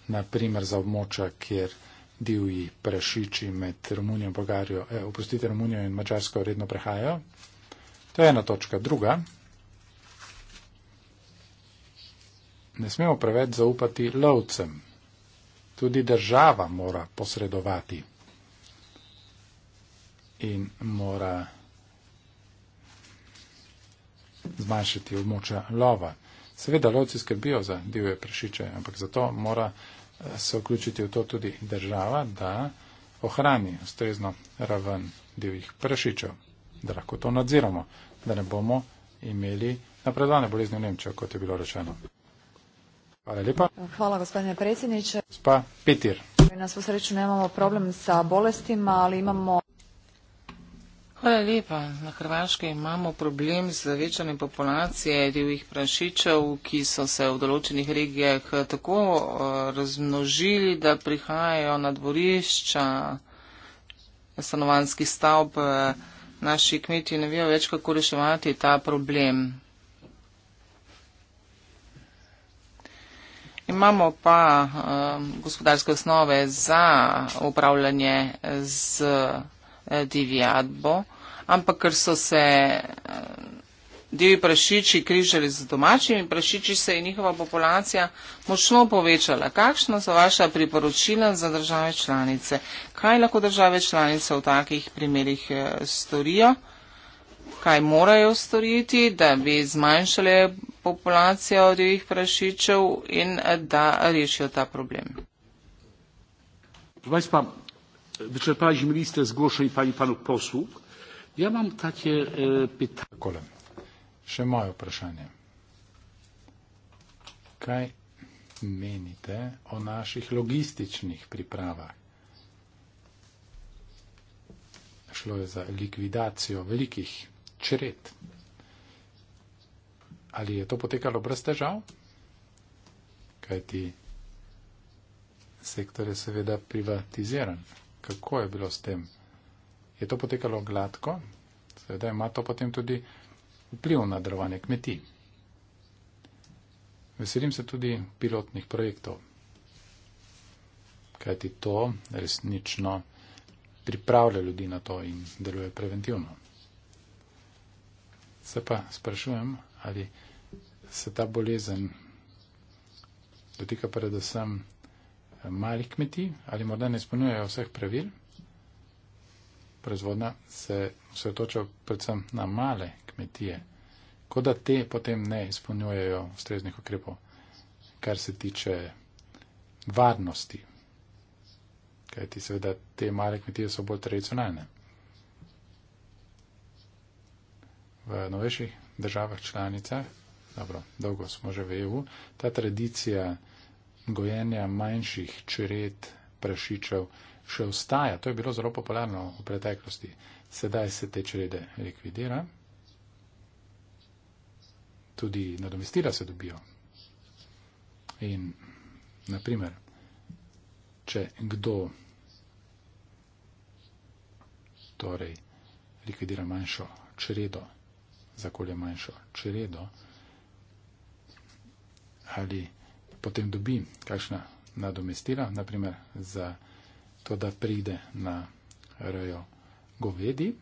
naprimer za območja, kjer divji prešiči med Romunijo in Bolgarijo, eh, opustite Romunijo in Mačarsko redno prehajajo. To je ena točka. Druga. Ne smemo preveč zaupati lovcem. Tudi država mora posredovati in mora zmanjšati območja lova. Seveda lovci skrbijo za divje prešiče, ampak zato mora eh, se vključiti v to tudi država, da ohrani ustrezno raven divjih prešičev, da lahko to nadziramo, da ne bomo imeli napredovane bolezni v Nemčijo, kot je bilo rečeno. Hvala lepa. Hvala, gospodine predsjedniče. Spa Petir. Na svo sreću nemamo problem sa bolestima, ali imamo Hvala lepa. Na Hrvaške imamo problem z večanjem populacije divjih prašičev, ki so se v določenih regijah eh, tako eh, razmnožili, da prihajajo na dvorišča stanovanskih stavb. Eh, naši kmetje ne vejo več, kako reševati ta problem. Imamo pa uh, gospodarske osnove za upravljanje z uh, divjadbo ampak ker so se eh, divji prašiči križali z domačimi prašiči, se je njihova populacija močno povečala. Kakšno so vaša priporočila za države članice? Kaj lahko države članice v takih primerih eh, storijo? Kaj morajo storiti, da bi zmanjšale populacijo divjih prašičev in eh, da rešijo ta problem? Zdaj pa, da črpali že ministre, zgošeni pa in panu poslu. Ja imam takie e, pytanie. Kole. Jeszcze moje pytanie. Kaj menite o naszych logistycznych przyprawach? Szło za likwidację wielkich czryt. Ali je to potekalo brez težav? Kaj ti sektor je seveda privatiziran? Kako je bilo s tem? je to potekalo gladko, seveda ima to potem tudi vpliv na drvanje kmetij. Veselim se tudi pilotnih projektov, kajti to resnično pripravlja ljudi na to in deluje preventivno. Se pa sprašujem, ali se ta bolezen dotika predvsem malih kmetij ali morda ne izpolnjujejo vseh pravil proizvodnja se osredotoča predvsem na male kmetije, kot da te potem ne izpolnjujejo ustreznih ukrepov, kar se tiče varnosti. Kaj ti seveda te male kmetije so bolj tradicionalne. V novejših državah članicah, dobro, dolgo smo že v EU, ta tradicija gojenja manjših čred, prašičev še ostaja. To je bilo zelo popularno v preteklosti. Sedaj se te črede likvidira. Tudi nadomestila se dobijo. In naprimer, če kdo torej likvidira manjšo čredo, za kolje manjšo čredo, ali potem dobi kakšna nadomestila, naprimer za to, da pride na rejo govedi,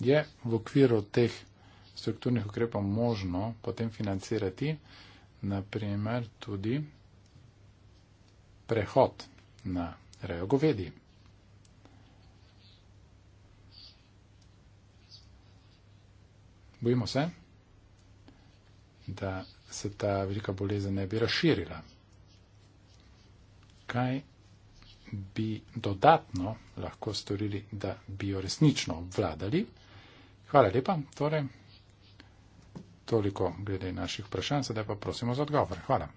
je v okviru teh strukturnih ukrepov možno potem financirati naprimer tudi prehod na rejo govedi. Bojimo se, da se ta velika bolezen ne bi razširila. Kaj bi dodatno lahko storili, da bi jo resnično obvladali? Hvala lepa. Torej, toliko glede naših vprašanj, sedaj pa prosimo za odgovore. Hvala.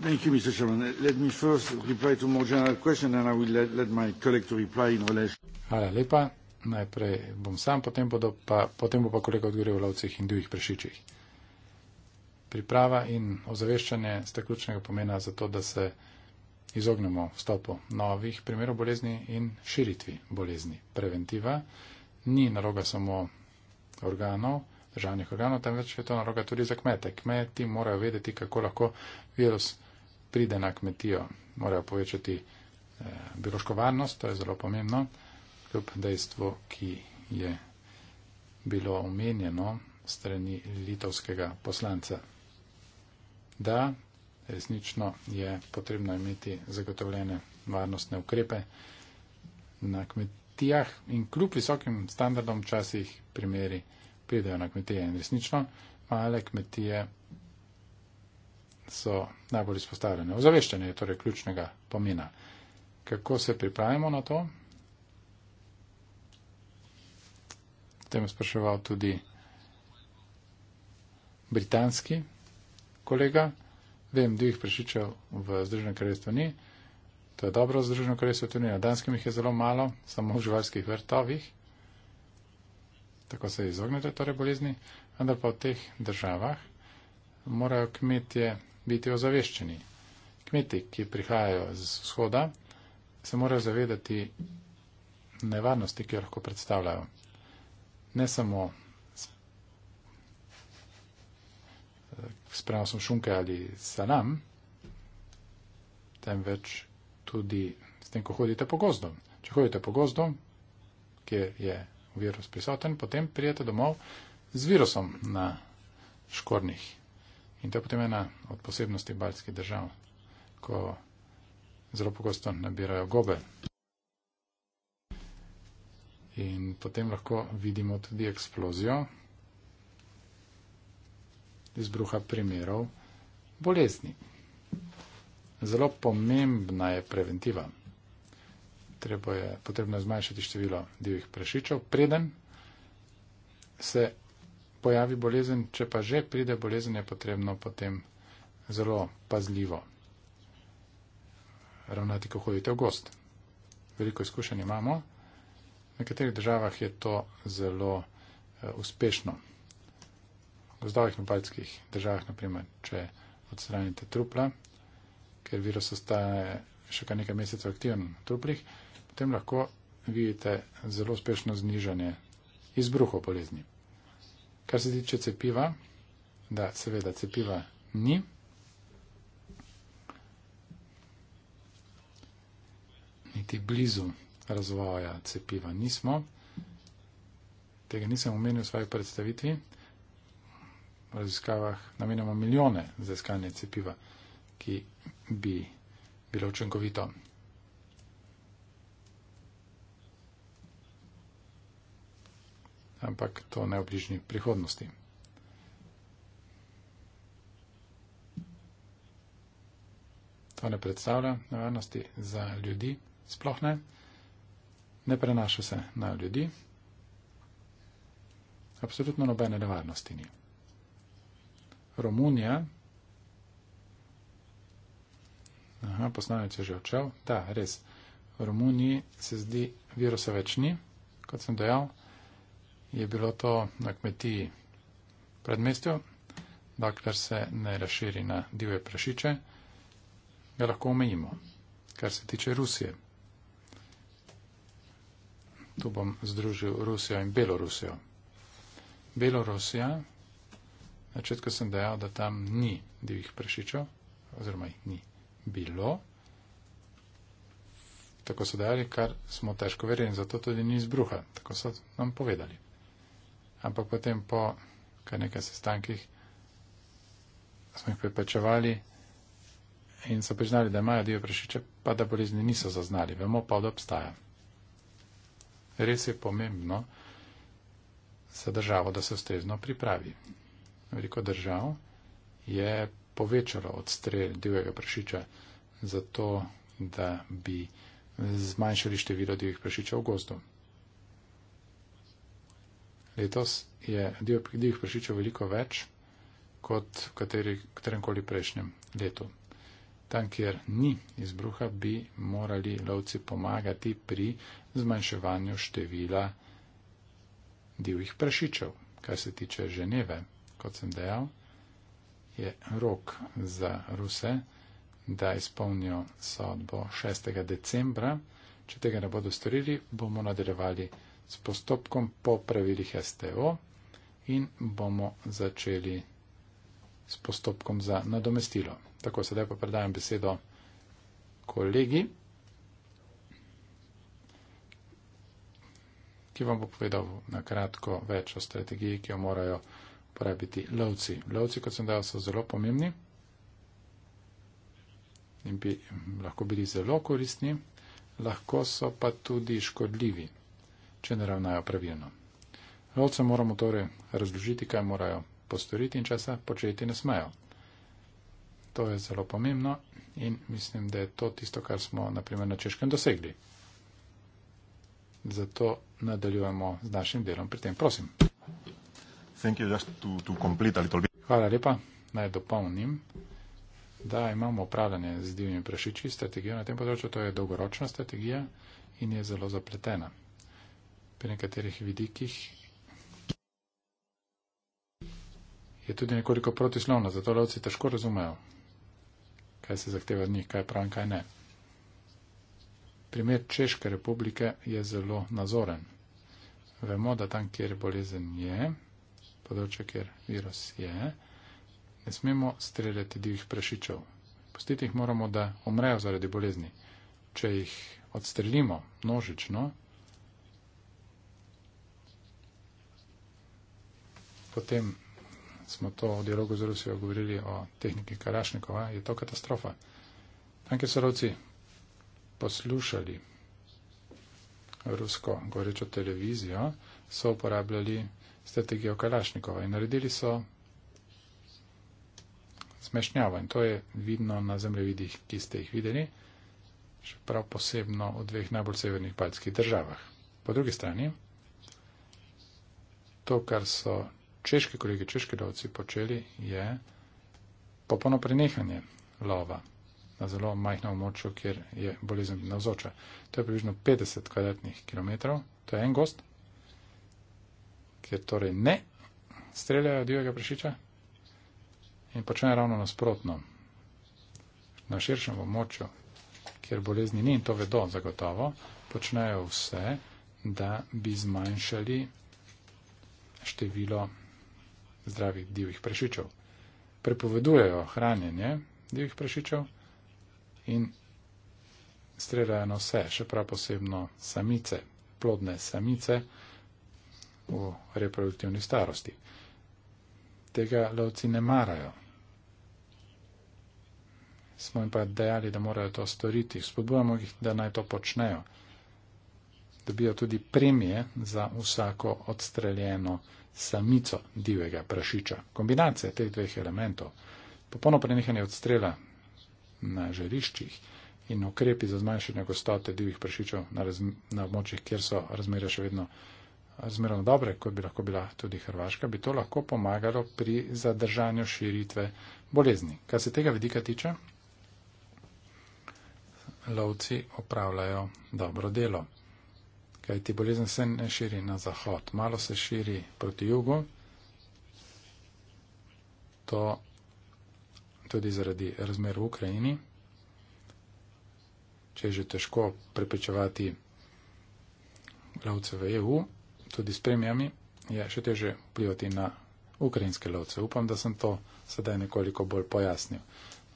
Thank you, Mr. Chairman. Let me first reply to more general question and I will let, let my colleague to reply in relation. Hvala lepa najprej bom sam, potem, bodo pa, potem bo pa kolega odgovoril o lovcih in divjih prešičih. Priprava in ozaveščanje sta ključnega pomena za to, da se izognemo vstopu novih primerov bolezni in širitvi bolezni. Preventiva ni naloga samo organov, državnih organov, temveč je to naloga tudi za kmete. Kmeti morajo vedeti, kako lahko virus pride na kmetijo. Morajo povečati eh, biološko varnost, to je zelo pomembno kljub dejstvu, ki je bilo omenjeno strani litovskega poslanca, da resnično je potrebno imeti zagotovljene varnostne ukrepe na kmetijah in kljub visokim standardom včasih primeri pridejo na kmetije in resnično male kmetije so najbolj izpostavljene. Ozaveščanje je torej ključnega pomena. Kako se pripravimo na to? potem spraševal tudi britanski kolega. Vem, dvih prešičev v Združenem kraljestvu ni. To je dobro, Združeno kraljestvo tudi na danskem jih je zelo malo, samo v živalskih vrtovih. Tako se izognete torej bolezni. Vendar pa v teh državah morajo kmetje biti ozaveščeni. Kmeti, ki prihajajo z vzhoda, se morajo zavedati nevarnosti, ki jo lahko predstavljajo ne samo eh, s prenosom šunke ali salam, temveč tudi s tem, ko hodite po gozdu. Če hodite po gozdu, kjer je virus prisoten, potem prijete domov z virusom na škornjih. In to je potem ena od posebnosti baljskih držav, ko zelo pogosto nabirajo gobe in potem lahko vidimo tudi eksplozijo izbruha primerov bolezni. Zelo pomembna je preventiva. Treba je, potrebno je zmanjšati število divjih prašičev, preden se pojavi bolezen, če pa že pride bolezen, je potrebno potem zelo pazljivo ravnati, ko hodite v gost. Veliko izkušenj imamo nekaterih državah je to zelo uh, uspešno. V gozdovih na baltskih državah, naprimer, če odstranite trupla, ker virus ostaje še kar nekaj mesecev aktiven v truplih, potem lahko vidite zelo uspešno znižanje izbruho bolezni. Kar se tiče cepiva, da seveda cepiva ni. Niti blizu razvoja cepiva nismo. Tega nisem omenil v svoji predstavitvi. V raziskavah namenjamo milijone za iskanje cepiva, ki bi bilo učinkovito. Ampak to ne v bližnji prihodnosti. To ne predstavlja nevarnosti za ljudi, sploh ne ne prenaša se na ljudi, absolutno nobene nevarnosti ni. Romunija, aha, poslanec je že odšel, da, res, v Romuniji se zdi virusa več ni, kot sem dejal, je bilo to na kmetiji predmestju, dokler se ne razširi na divje prašiče, ga lahko omejimo, kar se tiče Rusije tu bom združil Rusijo in Belorusijo. Belorusija, načetko sem dejal, da tam ni divjih prašičev, oziroma jih ni bilo. Tako so dejali, kar smo težko verjeli in zato tudi ni izbruha, tako so nam povedali. Ampak potem po kar nekaj sestankih smo jih pripečevali in so priznali, da imajo divje prašiče, pa da bolezni niso zaznali. Vemo pa, da obstajajo res je pomembno za državo, da se ustrezno pripravi. Veliko držav je povečalo odstrel divjega prašiča zato, da bi zmanjšali število divjih prašičev v gozdu. Letos je divjih prašičev veliko več kot v katerem koli prejšnjem letu tam, kjer ni izbruha, bi morali lovci pomagati pri zmanjševanju števila divjih prašičev. Kar se tiče Ženeve, kot sem dejal, je rok za Ruse, da izpolnijo sodbo 6. decembra. Če tega ne bodo storili, bomo nadaljevali s postopkom po pravilih STO in bomo začeli s postopkom za nadomestilo. Tako, sedaj pa predajam besedo kolegi, ki vam bo povedal na kratko več o strategiji, ki jo morajo uporabiti lovci. Lovci, kot sem dejal, so zelo pomembni in bi lahko bili zelo koristni, lahko so pa tudi škodljivi, če ne ravnajo pravilno. Lovce moramo torej razložiti, kaj morajo postoriti in česa početi ne smejo. To je zelo pomembno in mislim, da je to tisto, kar smo naprimer na Češkem dosegli. Zato nadaljujemo z našim delom pri tem. Prosim. To, to Hvala lepa. Naj dopolnim, da imamo upravljanje z divjimi prašiči, strategijo na tem področju. To je dolgoročna strategija in je zelo zapletena. Pri nekaterih vidikih je tudi nekoliko protislovna, zato lovci težko razumejo, kaj se zahteva od njih, kaj prav in kaj ne. Primer Češke republike je zelo nazoren. Vemo, da tam, kjer bolezen je, področje, kjer virus je, ne smemo streljati divjih prašičev. Pustiti jih moramo, da omrejo zaradi bolezni. Če jih odstrelimo množično, potem smo to v dialogu z Rusijo govorili o tehniki Karašnikova, je to katastrofa. Tanki sorovci poslušali rusko govorečo televizijo, so uporabljali strategijo Karašnikova in naredili so smešnjavo in to je vidno na zemljevidih, ki ste jih videli, še prav posebno v dveh najbolj severnih baltskih državah. Po drugi strani, to, kar so češki kolegi, češki lovci počeli, je popolno prenehanje lova na zelo majhnem območju, kjer je bolezen navzoča. To je približno 50 kvadratnih kilometrov, to je en gost, kjer torej ne streljajo divjega prešiča in počnejo ravno nasprotno, na širšem območju, kjer bolezni ni in to vedo zagotovo, počnejo vse, da bi zmanjšali število zdravih divjih prašičev. Prepovedujejo hranjenje divjih prašičev in streljajo na vse, še prav posebno samice, plodne samice v reproduktivni starosti. Tega lovci ne marajo. Smo jim pa dejali, da morajo to storiti. Spodbujamo jih, da naj to počnejo. Dobijo tudi premije za vsako odstreljeno samico samico divjega prašiča. Kombinacija teh dveh elementov, popolno prenehanje odstrela na žariščih in ukrepi za zmanjšanje gostote divjih prašičev na, raz, na območjih, kjer so razmere še vedno razmerno dobre, kot bi lahko bila tudi Hrvaška, bi to lahko pomagalo pri zadržanju širitve bolezni. Kar se tega vidika tiče, lovci opravljajo dobro delo kajti bolezen se ne širi na zahod, malo se širi proti jugu, to tudi zaradi razmer v Ukrajini, če je že težko prepričevati lovce v EU, tudi s premijami, je še teže vplivati na ukrajinske lovce. Upam, da sem to sedaj nekoliko bolj pojasnil.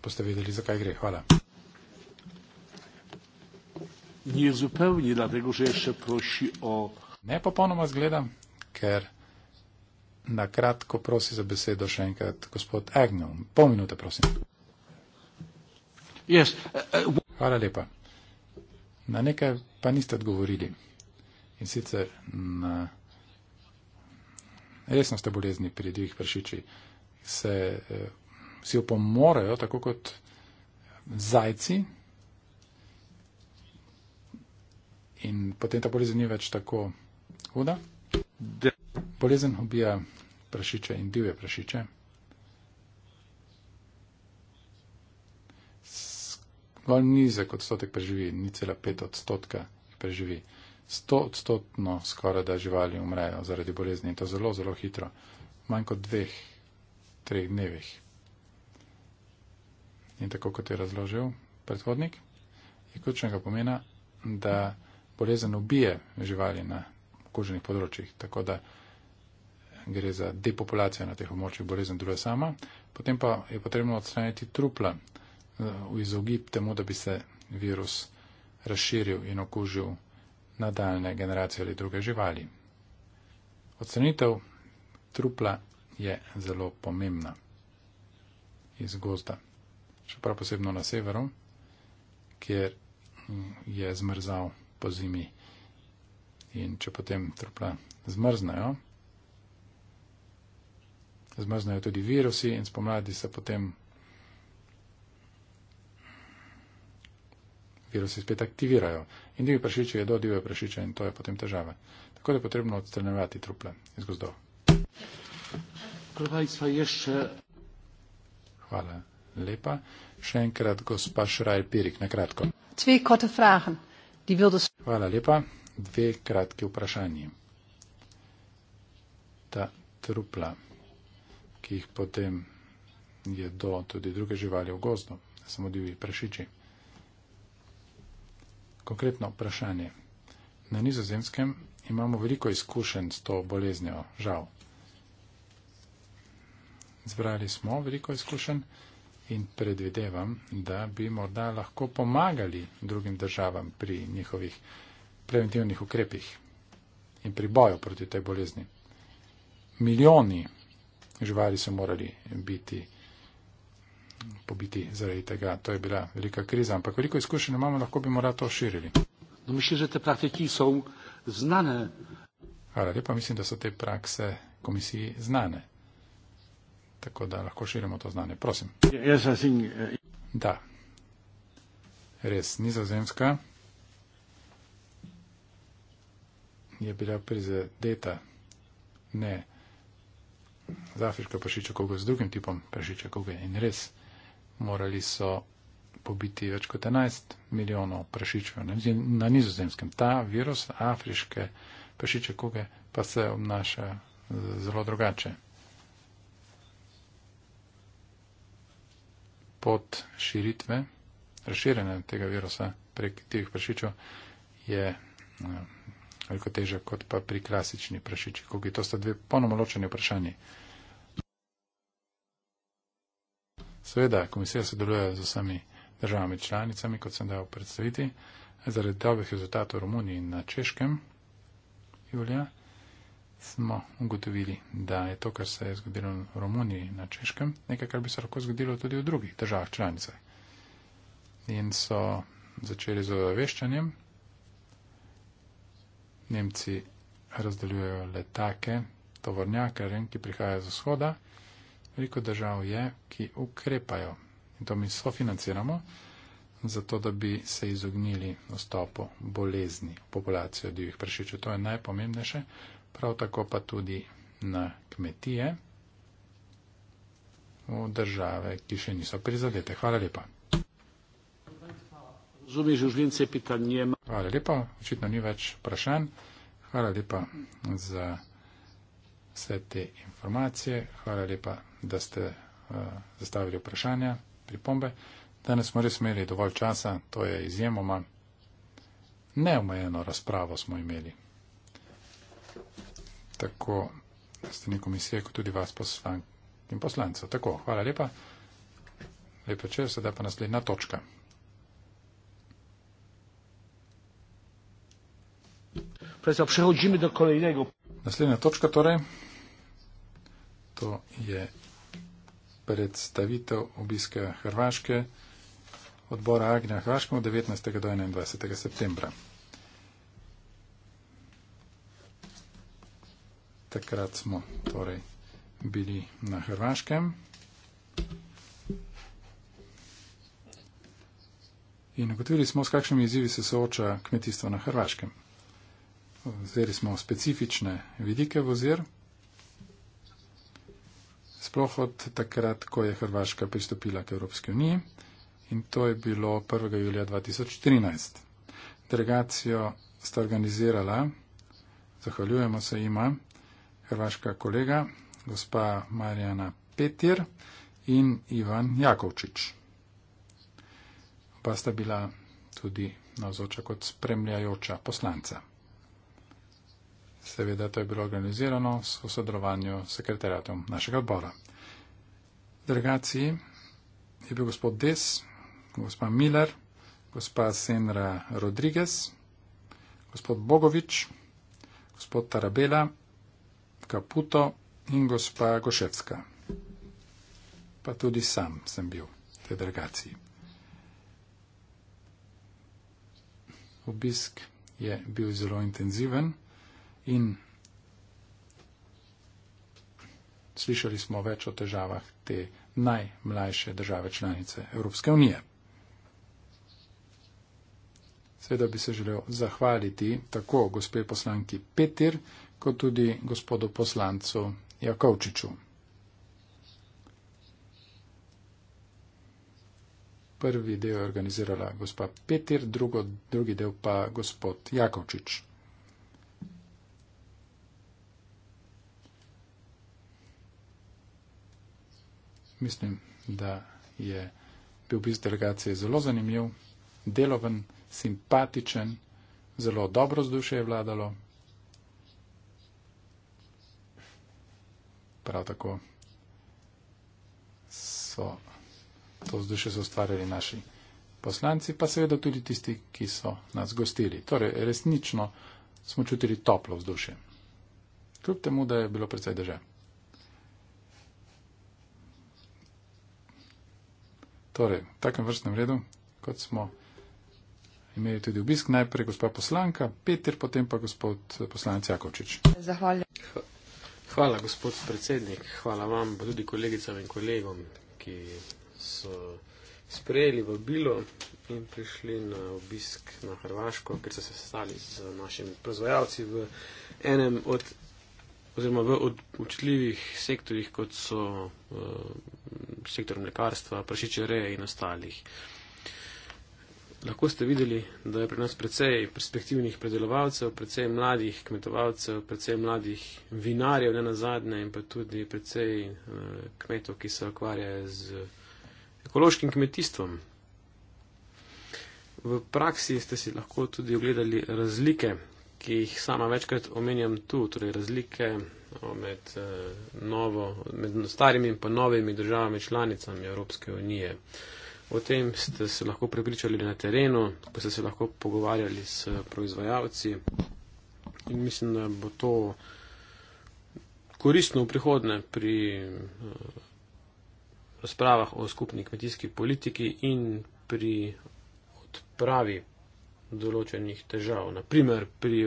Boste videli, zakaj gre. Hvala. Nije zupełnie, dlatego że jeszcze prosi o... Nie po ponoma zgleda, ker na kratko prosi za besedo še enkrat gospod Agnew. Pol minute, prosim. Yes. E, e, Hvala lepa. Na nekaj pa niste odgovorili. In sicer na resnost bolezni pri dvih pršiči se e, si opomorajo, tako kot zajci, in potem ta bolezen ni več tako huda. Bolezen ubija prašiče in divje prašiče. Zgolj nizek odstotek preživi, ni cela pet odstotka preživi. Sto odstotno skoraj, da živali umrejo zaradi bolezni in to zelo, zelo hitro, manj kot dveh, treh dnevih. In tako kot je razložil predhodnik, je ključnega pomena, da bolezen ubije živali na okuženih področjih, tako da gre za depopulacijo na teh območjih bolezen druga sama. Potem pa je potrebno odstraniti trupla eh, v izogib temu, da bi se virus razširil in okužil nadaljne generacije ali druge živali. Odstranitev trupla je zelo pomembna iz gozda, še prav posebno na severu, kjer mm, je zmrzal po zimi. In če potem trupla zmrznajo, zmrznajo tudi virusi in spomladi se potem virusi spet aktivirajo. In divi prašiče jedo, divi prašiče in to je potem težava. Tako da je potrebno odstranjevati truple iz gozdov. Hvala lepa. Še enkrat gospa Šrajl Pirik, na kratko. Dve korte vprašanja. Die wilde Hvala lepa. Dve kratki vprašanji. Ta trupla, ki jih potem jedo tudi druge živali v gozdu, samo divji prašiči. Konkretno vprašanje. Na nizozemskem imamo veliko izkušenj s to boleznjo, žal. Zbrali smo veliko izkušenj in predvidevam, da bi morda lahko pomagali drugim državam pri njihovih preventivnih ukrepih in pri boju proti tej bolezni. Milijoni živali so morali biti pobiti zaradi tega. To je bila velika kriza, ampak veliko izkušenj imamo, lahko bi morda to širili. No, mislim, da te praktiki so znane. Hvala lepa, mislim, da so te prakse komisiji znane. Tako da lahko širimo to znanje. Prosim. Eh, da. Res, nizozemska je bila prizadeta ne z afriško pašičo kuge, z drugim tipom pašičo kuge. In res, morali so pobiti več kot 11 milijonov pašičev na nizozemskem. Ta virus afriške pašičo kuge pa se obnaša eh, zelo drugače. pot širitve, razširjene tega virusa prek tih prašičev je eh, veliko teže kot pa pri klasični prašiči kugi. To sta dve ponoma ločeni vprašanji. Seveda, komisija sodeluje z vsemi državami članicami, kot sem dal predstaviti, zaradi dobrih rezultatov v Romuniji in na Češkem julija smo ugotovili, da je to, kar se je zgodilo v Romuniji in na Češkem, nekaj, kar bi se lahko zgodilo tudi v drugih državah članicah. In so začeli z oveščanjem. Nemci razdeljujejo letake, tovornjake, ki prihajajo z vzhoda. Veliko držav je, ki ukrepajo. In to mi sofinanciramo, zato da bi se izognili vstopu bolezni v populacijo divjih pršičev. To je najpomembnejše, prav tako pa tudi na kmetije v države, ki še niso prizadete. Hvala lepa. Hvala lepa, očitno ni več vprašanj. Hvala lepa za vse te informacije, hvala lepa, da ste uh, zastavili vprašanja, pripombe. Danes smo res imeli dovolj časa, to je izjemoma neomejeno razpravo smo imeli tako strani komisije, kot tudi vas, poslank in poslancev. Tako, hvala lepa. Lep večer, sedaj pa naslednja točka. Naslednja točka torej, to je predstavitev obiske Hrvaške odbora Agnja Hrvaškemu 19. do 21. septembra. takrat smo torej bili na Hrvaškem. In ugotovili smo, s kakšnimi izzivi se sooča kmetijstvo na Hrvaškem. Vzeli smo specifične vidike v ozir, sploh od takrat, ko je Hrvaška pristopila k Evropski uniji in to je bilo 1. julija 2013. Delegacijo sta organizirala, zahvaljujemo se jima, hrvaška kolega, gospa Marjana Petir in Ivan Jakovčič. Pa sta bila tudi navzoča kot spremljajoča poslanca. Seveda to je bilo organizirano v sodelovanju s sekretarjatom našega odbora. Delegaciji je bil gospod Des, gospa Miller, gospa Senra Rodriguez, gospod Bogovič, gospod Tarabela Caputo in gospa Goševska. Pa tudi sam sem bil v tej delegaciji. Obisk je bil zelo intenziven in slišali smo več o težavah te najmlajše države članice Evropske unije. Seveda bi se želel zahvaliti tako gospe poslanki Petir, kot tudi gospodu poslancu Jakovčiču. Prvi del je organizirala gospa Petir, drugo, drugi del pa gospod Jakovčič. Mislim, da je bil obisk delegacije zelo zanimiv, deloven simpatičen, zelo dobro vzdušje je vladalo. Prav tako so to vzdušje ustvarjali naši poslanci, pa seveda tudi tisti, ki so nas gostili. Torej, resnično smo čutili toplo vzdušje. Kljub temu, da je bilo predvsej drže. Torej, v takem vrstnem redu, kot smo imeli tudi obisk. Najprej gospod poslanka Petr, potem pa gospod poslanec Jakovčič. Zahvaljujem. Hvala, gospod predsednik. Hvala vam, pa tudi kolegicam in kolegom, ki so sprejeli vabilo in prišli na obisk na Hrvaško, ker so se stali z našimi proizvajalci v enem od oziroma v občutljivih sektorjih, kot so uh, sektor mlekarstva, prašičereje in ostalih. Uh, Lahko ste videli, da je pri nas precej perspektivnih predelovalcev, precej mladih kmetovalcev, precej mladih vinarjev, ne nazadnje, in pa tudi precej eh, kmetov, ki se ukvarjajo z ekološkim kmetijstvom. V praksi ste si lahko tudi ogledali razlike, ki jih sama večkrat omenjam tu, torej razlike eh, med, eh, novo, med starimi in pa novimi državami članicami Evropske unije. O tem ste se lahko prepričali na terenu, pa ste se lahko pogovarjali s proizvajalci in mislim, da bo to koristno v prihodne pri eh, razpravah o skupni kmetijski politiki in pri odpravi določenih težav, naprimer pri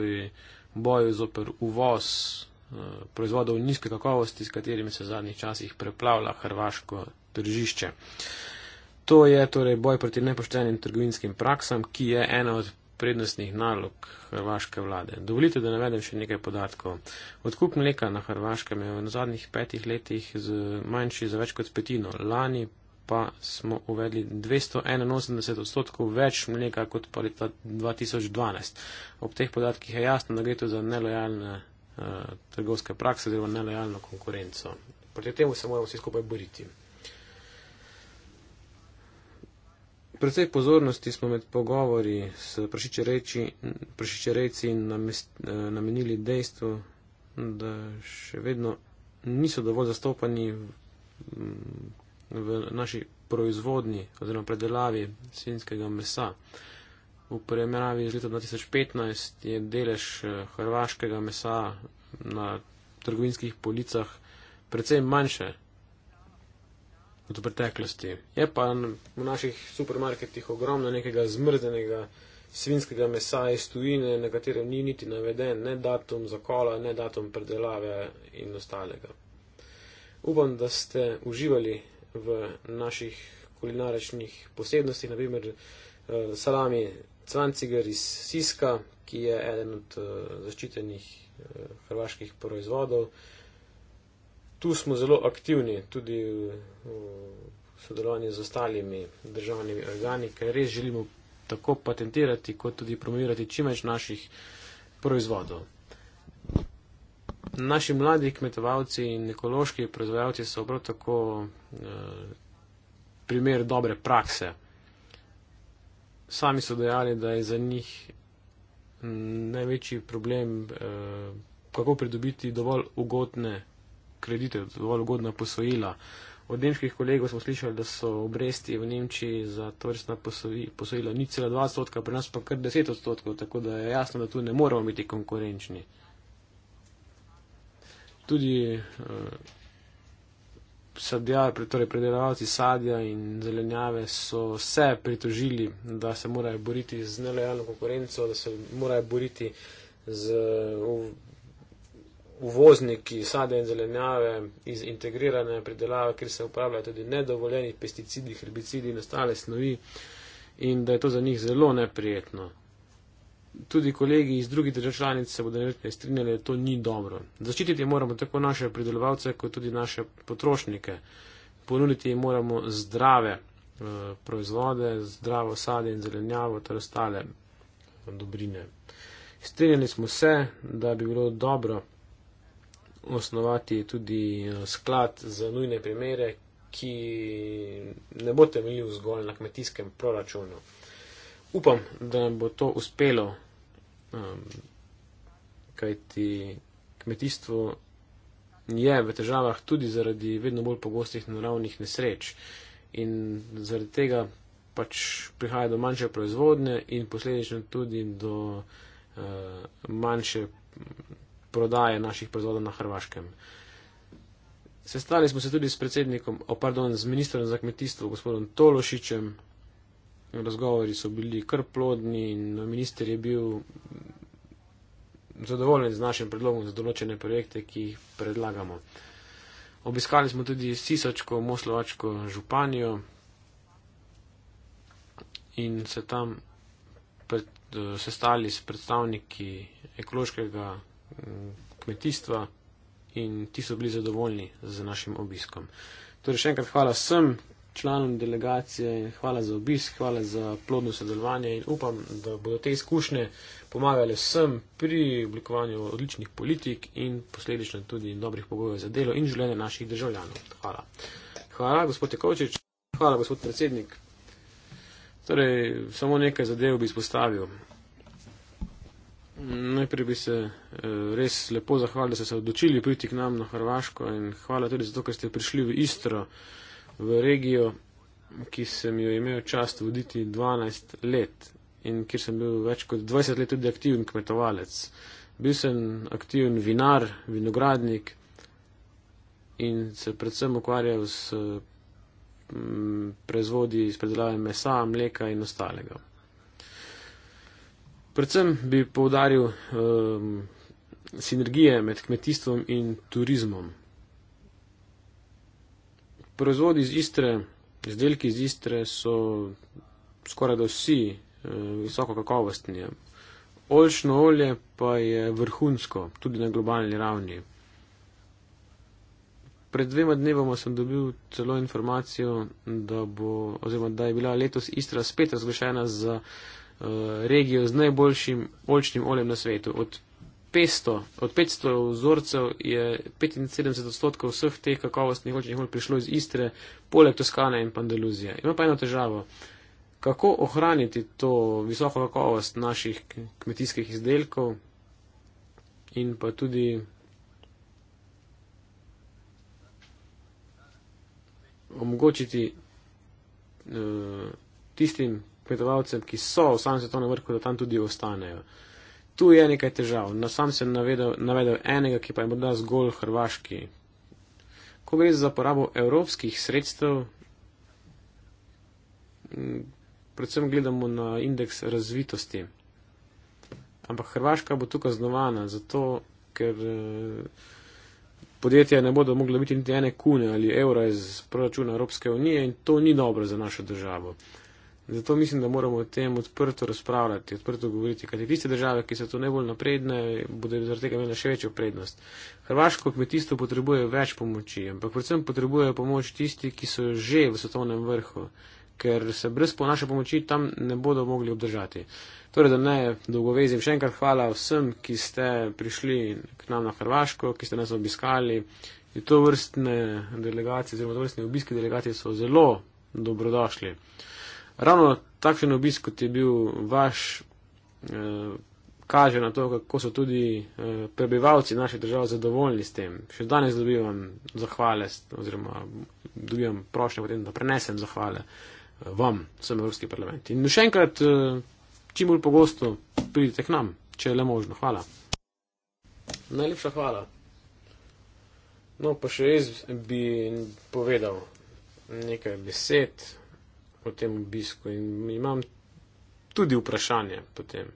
boju zoper uvoz eh, proizvodov nizke kakovosti, s katerimi se v zadnjih časih preplavlja hrvaško tržišče. To je torej boj proti nepoštenim trgovinskim praksam, ki je ena od prednostnih nalog hrvaške vlade. Dovolite, da navedem še nekaj podatkov. Odkup mleka na Hrvaškem je v zadnjih petih letih manjši za več kot petino. Lani pa smo uvedli 281 odstotkov več mleka kot pa leta 2012. Ob teh podatkih je jasno, da gre to za nelojalne uh, trgovske prakse oziroma nelojalno konkurenco. Proti temu se moramo vsi skupaj boriti. Predvsej pozornosti smo med pogovori s prašičerejci eh, namenili dejstvu, da še vedno niso dovolj zastopani v mm, naši proizvodni oziroma predelavi svinskega mesa. V primerjavi z leto 2015 je delež eh, hrvaškega mesa na trgovinskih policah predvsem manjše, od preteklosti. Je pa v naših supermarketih ogromno nekega zmrznenega svinskega mesa iz tujine, na katerem ni niti naveden ne datum zakola, ne datum predelave in ostalega. Upam, da ste uživali v naših kulinaričnih posebnostih, naprimer eh, salami cvanciger iz Siska, ki je eden od eh, zaščitenih eh, hrvaških proizvodov. Tu smo zelo aktivni, tudi v, v sodelovanju z ostalimi državnimi organi, ker res želimo tako patentirati, kot tudi promovirati čim več naših proizvodov. Naši mladi kmetovalci in ekološki proizvajalci so prav tako eh, primer dobre prakse. Sami so dejali, da je za njih največji problem, eh, kako pridobiti dovolj ugotne kredite, dovolj ugodna posojila. Od nemških kolegov smo slišali, da so obresti v Nemčiji za tovrstna posojila ni cela 20 odstotka, pri nas pa kar 10 odstotkov, tako da je jasno, da tu ne moramo biti konkurenčni. Tudi eh, sadja, torej predelavci sadja in zelenjave so se pritožili, da se morajo boriti z nelojalno konkurenco, da se morajo boriti z uvozniki sade in zelenjave iz integrirane pridelave, kjer se uporabljajo tudi nedovoljeni pesticidi, herbicidi in ostale snovi in da je to za njih zelo neprijetno. Tudi kolegi iz drugih držav članic se bodo nekaj strinjali, da to ni dobro. Zaščititi moramo tako naše pridelovalce, kot tudi naše potrošnike. Ponuditi jim moramo zdrave eh, proizvode, zdravo sade in zelenjavo ter ostale dobrine. Strinjali smo se, da bi bilo dobro osnovati tudi eh, sklad za nujne primere, ki ne bo temeljil zgolj na kmetijskem proračunu. Upam, da nam bo to uspelo, um, kajti kmetijstvo je v težavah tudi zaradi vedno bolj pogostih naravnih nesreč in zaradi tega pač prihaja do manjše proizvodne in posledično tudi do uh, manjše prodaje naših proizvodov na Hrvaškem. Sestali smo se tudi s predsednikom, o oh, pardon, z ministrom za kmetijstvo, gospodom Tološičem. Razgovori so bili kar plodni in minister je bil zadovoljen z našim predlogom za določene projekte, ki jih predlagamo. Obiskali smo tudi Sisačko, Moslovačko županijo in se tam pred, sestali s predstavniki ekološkega kmetijstva in ti so bili zadovoljni z našim obiskom. Torej, še enkrat hvala vsem članom delegacije, hvala za obisk, hvala za plodno sodelovanje in upam, da bodo te izkušnje pomagale vsem pri oblikovanju odličnih politik in posledično tudi dobrih pogojev za delo in življenje naših državljanov. Hvala. Hvala, gospod Jakovčič. Hvala, gospod predsednik. Torej, samo nekaj zadev bi izpostavil. Najprej bi se eh, res lepo zahvalil, da ste se odločili priti k nam na Hrvaško in hvala tudi zato, ker ste prišli v Istro, v regijo, ki sem jo imel čast voditi 12 let in kjer sem bil več kot 20 let tudi aktiven kmetovalec. Bil sem aktiven vinar, vinogradnik in se predvsem ukvarjal s mm, proizvodi iz predelave mesa, mleka in ostalega. Predvsem bi povdaril um, sinergije med kmetijstvom in turizmom. Proizvodi iz Istre, izdelki iz Istre so skoraj da vsi um, visoko kakovostni. Olšno olje pa je vrhunsko, tudi na globalni ravni. Pred dvema dnevoma sem dobil celo informacijo, da, bo, oziroma, da je bila letos Istra spet razglašena za Eh, regijo z najboljšim oljčnim oljem na svetu. Od 500, od 500 vzorcev je 75 odstotkov vseh teh kakovostnih oljčnih olj prišlo iz Istre, poleg Toskane in Pandaluzije. Ima pa eno težavo. Kako ohraniti to visoko kakovost naših kmetijskih izdelkov in pa tudi. omogočiti uh, tistim, predavalcem, ki so v samem svetovnem vrhu, da tam tudi ostanejo. Tu je nekaj težav. Na sam sem navedel, navedel enega, ki pa je morda zgolj hrvaški. Ko gre za porabo evropskih sredstev, predvsem gledamo na indeks razvitosti. Ampak Hrvaška bo tukaj znovana, zato ker eh, podjetja ne bodo mogla biti niti ene kune ali evra iz proračuna Evropske unije in to ni dobro za našo državo. Zato mislim, da moramo o tem odprto razpravljati, odprto govoriti, kajti tiste države, ki so tu najbolj napredne, bodo zaradi tega imele še večjo prednost. Hrvaško kmetijstvo potrebuje več pomoči, ampak predvsem potrebuje pomoč tisti, ki so že v svetovnem vrhu, ker se brez po naše pomoči tam ne bodo mogli obdržati. Torej, da ne dolgovezim, še enkrat hvala vsem, ki ste prišli k nam na Hrvaško, ki ste nas obiskali. In to vrstne delegacije, zelo to vrstne obiske delegacije so zelo dobrodošli ravno takšen obisk, kot je bil vaš, eh, kaže na to, kako so tudi eh, prebivalci naše države zadovoljni s tem. Še danes dobivam zahvale oziroma dobivam prošnje potem, da prenesem zahvale eh, vam, vsem Evropski parlament. In še enkrat, čim bolj pogosto pridite k nam, če je le možno. Hvala. Najlepša hvala. No, pa še jaz bi povedal nekaj besed o tem obisku in imam tudi vprašanje potem.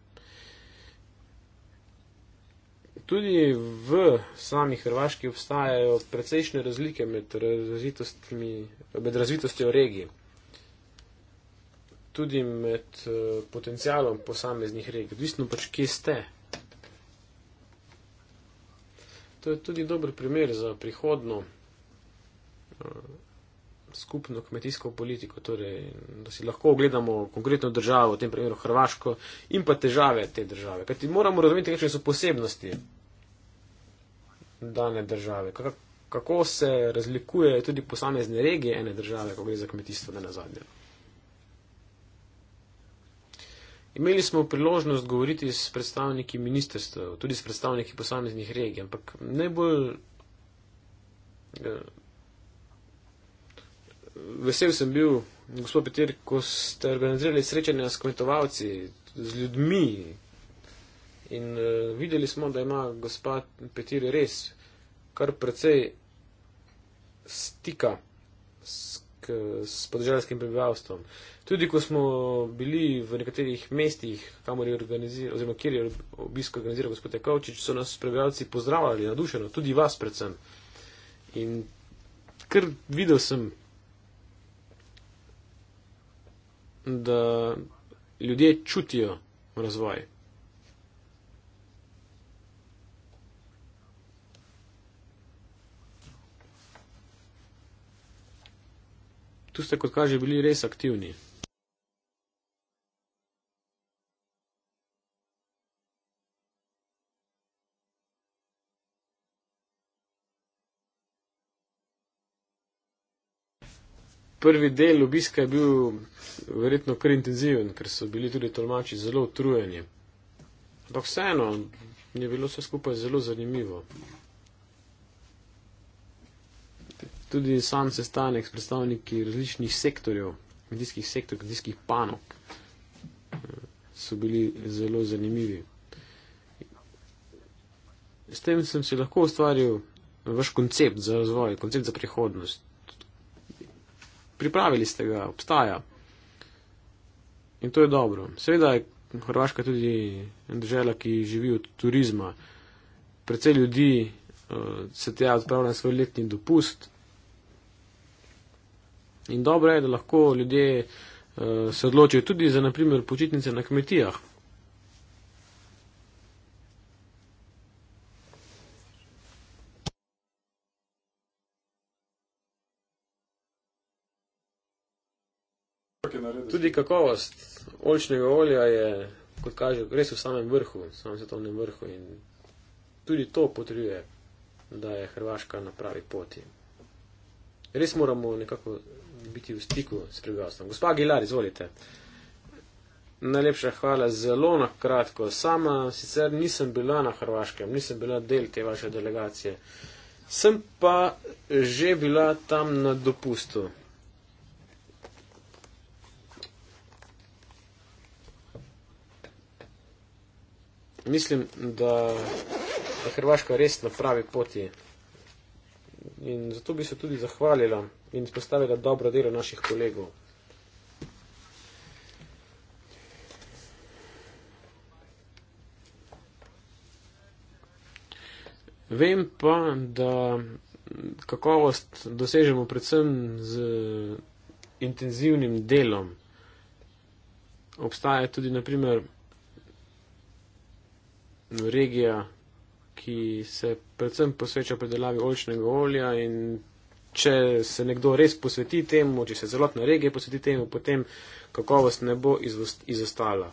Tudi v sami Hrvaški obstajajo precejšnje razlike med, med razvitostjo regij, tudi med eh, potencialom posameznih regij, odvisno pač kje ste. To je tudi dober primer za prihodno eh, skupno kmetijsko politiko, torej, da si lahko ogledamo konkretno državo, v tem primeru Hrvaško, in pa težave te države. Kajti moramo razumeti, kakšne so posebnosti dane države, kako se razlikuje tudi posamezne regije ene države, ko gre za kmetijstvo, ne na zadnje. Imeli smo priložnost govoriti s predstavniki ministrstva, tudi s predstavniki posameznih regij, ampak najbolj eh, vesel sem bil, gospod Peter, ko ste organizirali srečanja s kmetovalci, z ljudmi. In uh, videli smo, da ima gospod Petir res kar precej stika s, k, s podeželjskim prebivalstvom. Tudi ko smo bili v nekaterih mestih, kamor je organiziral, oziroma kjer je obisko organiziral gospod Jakovčič, so nas prebivalci pozdravljali, nadušeno, tudi vas predvsem. In kar videl sem da ljudje čutijo razvoj. Tu ste, kot kaže, bili res aktivni. prvi del obiska je bil verjetno kar intenziven, ker so bili tudi tolmači zelo utrujeni. Ampak vseeno je bilo vse skupaj zelo zanimivo. Tudi sam sestanek s predstavniki različnih sektorjev, medijskih sektorjev, medijskih panok eh, so bili zelo zanimivi. S tem sem si lahko ustvaril vaš koncept za razvoj, koncept za prihodnost pripravili ste ga, obstaja. In to je dobro. Seveda je Hrvaška tudi država, ki živi od turizma. Predvsej ljudi uh, se tja odpravlja na svoj letni dopust. In dobro je, da lahko ljudje uh, se odločijo tudi za, naprimer, počitnice na kmetijah. Tudi kakovost oljčnega olja je, kot kaže, res v samem vrhu, samem svetovnem vrhu in tudi to potrjuje, da je Hrvaška na pravi poti. Res moramo nekako biti v stiku s prebivalstvom. Gospa Gilar, izvolite. Najlepša hvala, zelo na kratko. Sama sicer nisem bila na Hrvaškem, nisem bila del te vaše delegacije. Sem pa že bila tam na dopustu. mislim, da je Hrvaška res na pravi poti. In zato bi se tudi zahvalila in izpostavila dobro delo naših kolegov. Vem pa, da kakovost dosežemo predvsem z intenzivnim delom. Obstaja tudi, naprimer, regija, ki se predvsem posveča predelavi oljčnega olja in če se nekdo res posveti temu, če se celotna regija posveti temu, potem kakovost ne bo izostala.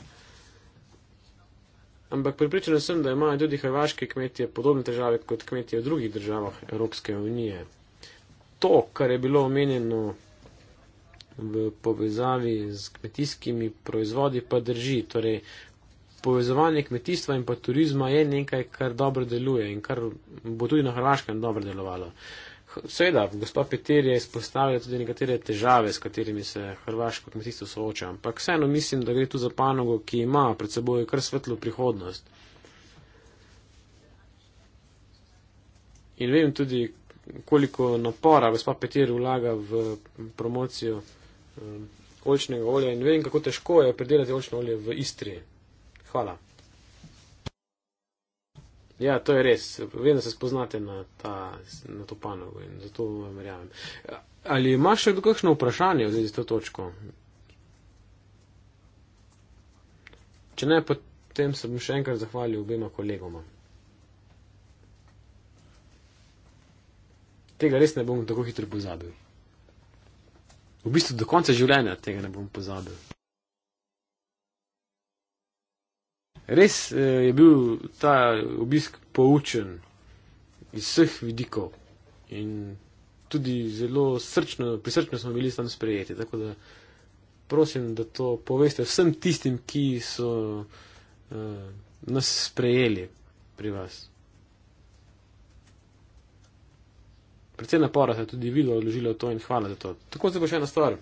Ampak pripričan sem, da imajo tudi hrvaški kmetje podobne težave kot kmetje v drugih državah Evropske unije. To, kar je bilo omenjeno v povezavi z kmetijskimi proizvodi, pa drži. Torej, povezovanje kmetijstva in pa turizma je nekaj, kar dobro deluje in kar bo tudi na Hrvaškem dobro delovalo. Seveda, gospod Peter je izpostavil tudi nekatere težave, s katerimi se hrvaško kmetijstvo sooča, ampak vseeno mislim, da gre tu za panogo, ki ima pred seboj kar svetlo prihodnost. In vem tudi, koliko napora gospod Peter vlaga v promocijo um, eh, olčnega olja in vem, kako težko je predelati olčno olje v Istriji. Hvala. Ja, to je res. Vedno se spoznate na, ta, na to panogo in zato vam verjamem. Ali imaš še kakšno vprašanje v zvezi s to točko? Če ne, potem se bom še enkrat zahvalil obema kolegoma. Tega res ne bom tako hitro pozabil. V bistvu do konca življenja tega ne bom pozabil. Res eh, je bil ta obisk poučen iz vseh vidikov in tudi zelo srčno, prisrčno smo bili tam sprejeti. Tako da prosim, da to poveste vsem tistim, ki so uh, nas sprejeli pri vas. Predvsej napora se je tudi videlo, odložilo to in hvala za to. Tako se bo še ena stvar.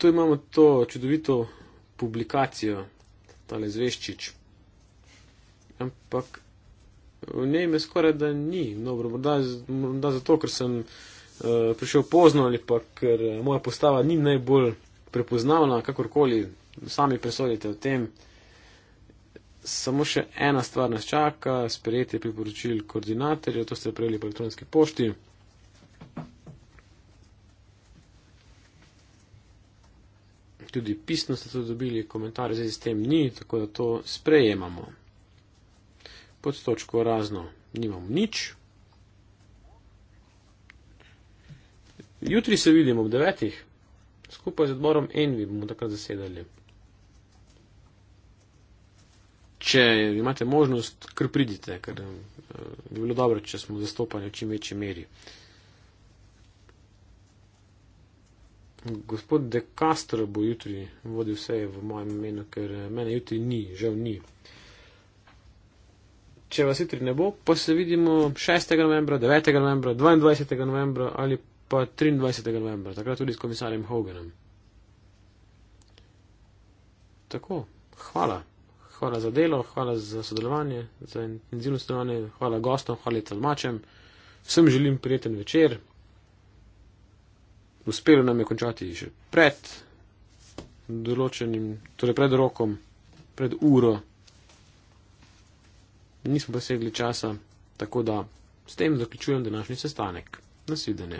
Tu imamo to čudovito publikacijo, tale zveščič. Ampak v njej me skoraj da ni. Dobro, morda, morda zato, ker sem uh, prišel pozno ali pa ker eh, moja postava ni najbolj prepoznavna, kakorkoli sami presodite o tem. Samo še ena stvar nas čaka, sprejetje priporočil koordinatorja, to ste prejeli po elektronski pošti. tudi pisno ste to dobili, komentar zdaj s tem ni, tako da to sprejemamo. Pod točko razno nimam nič. Jutri se vidimo ob devetih, skupaj z odborom Envi bomo takrat zasedali. Če imate možnost, kar pridite, ker eh, bi bilo dobro, če smo zastopani v čim večji meri. gospod De Castro bo jutri vodil vse v mojem imenu, ker eh, mene jutri ni, žal ni. Če vas jutri ne bo, pa se vidimo 6. novembra, 9. novembra, 22. novembra ali pa 23. novembra, takrat tudi s komisarjem Hoganom. Tako, hvala. Hvala za delo, hvala za sodelovanje, za intenzivno sodelovanje, hvala gostom, hvala tlmačem. Vsem želim prijeten večer uspelo nam je končati še pred določenim, torej pred rokom, pred uro. Nismo pa segli časa, tako da s tem zaključujem današnji sestanek. Nasvidenje.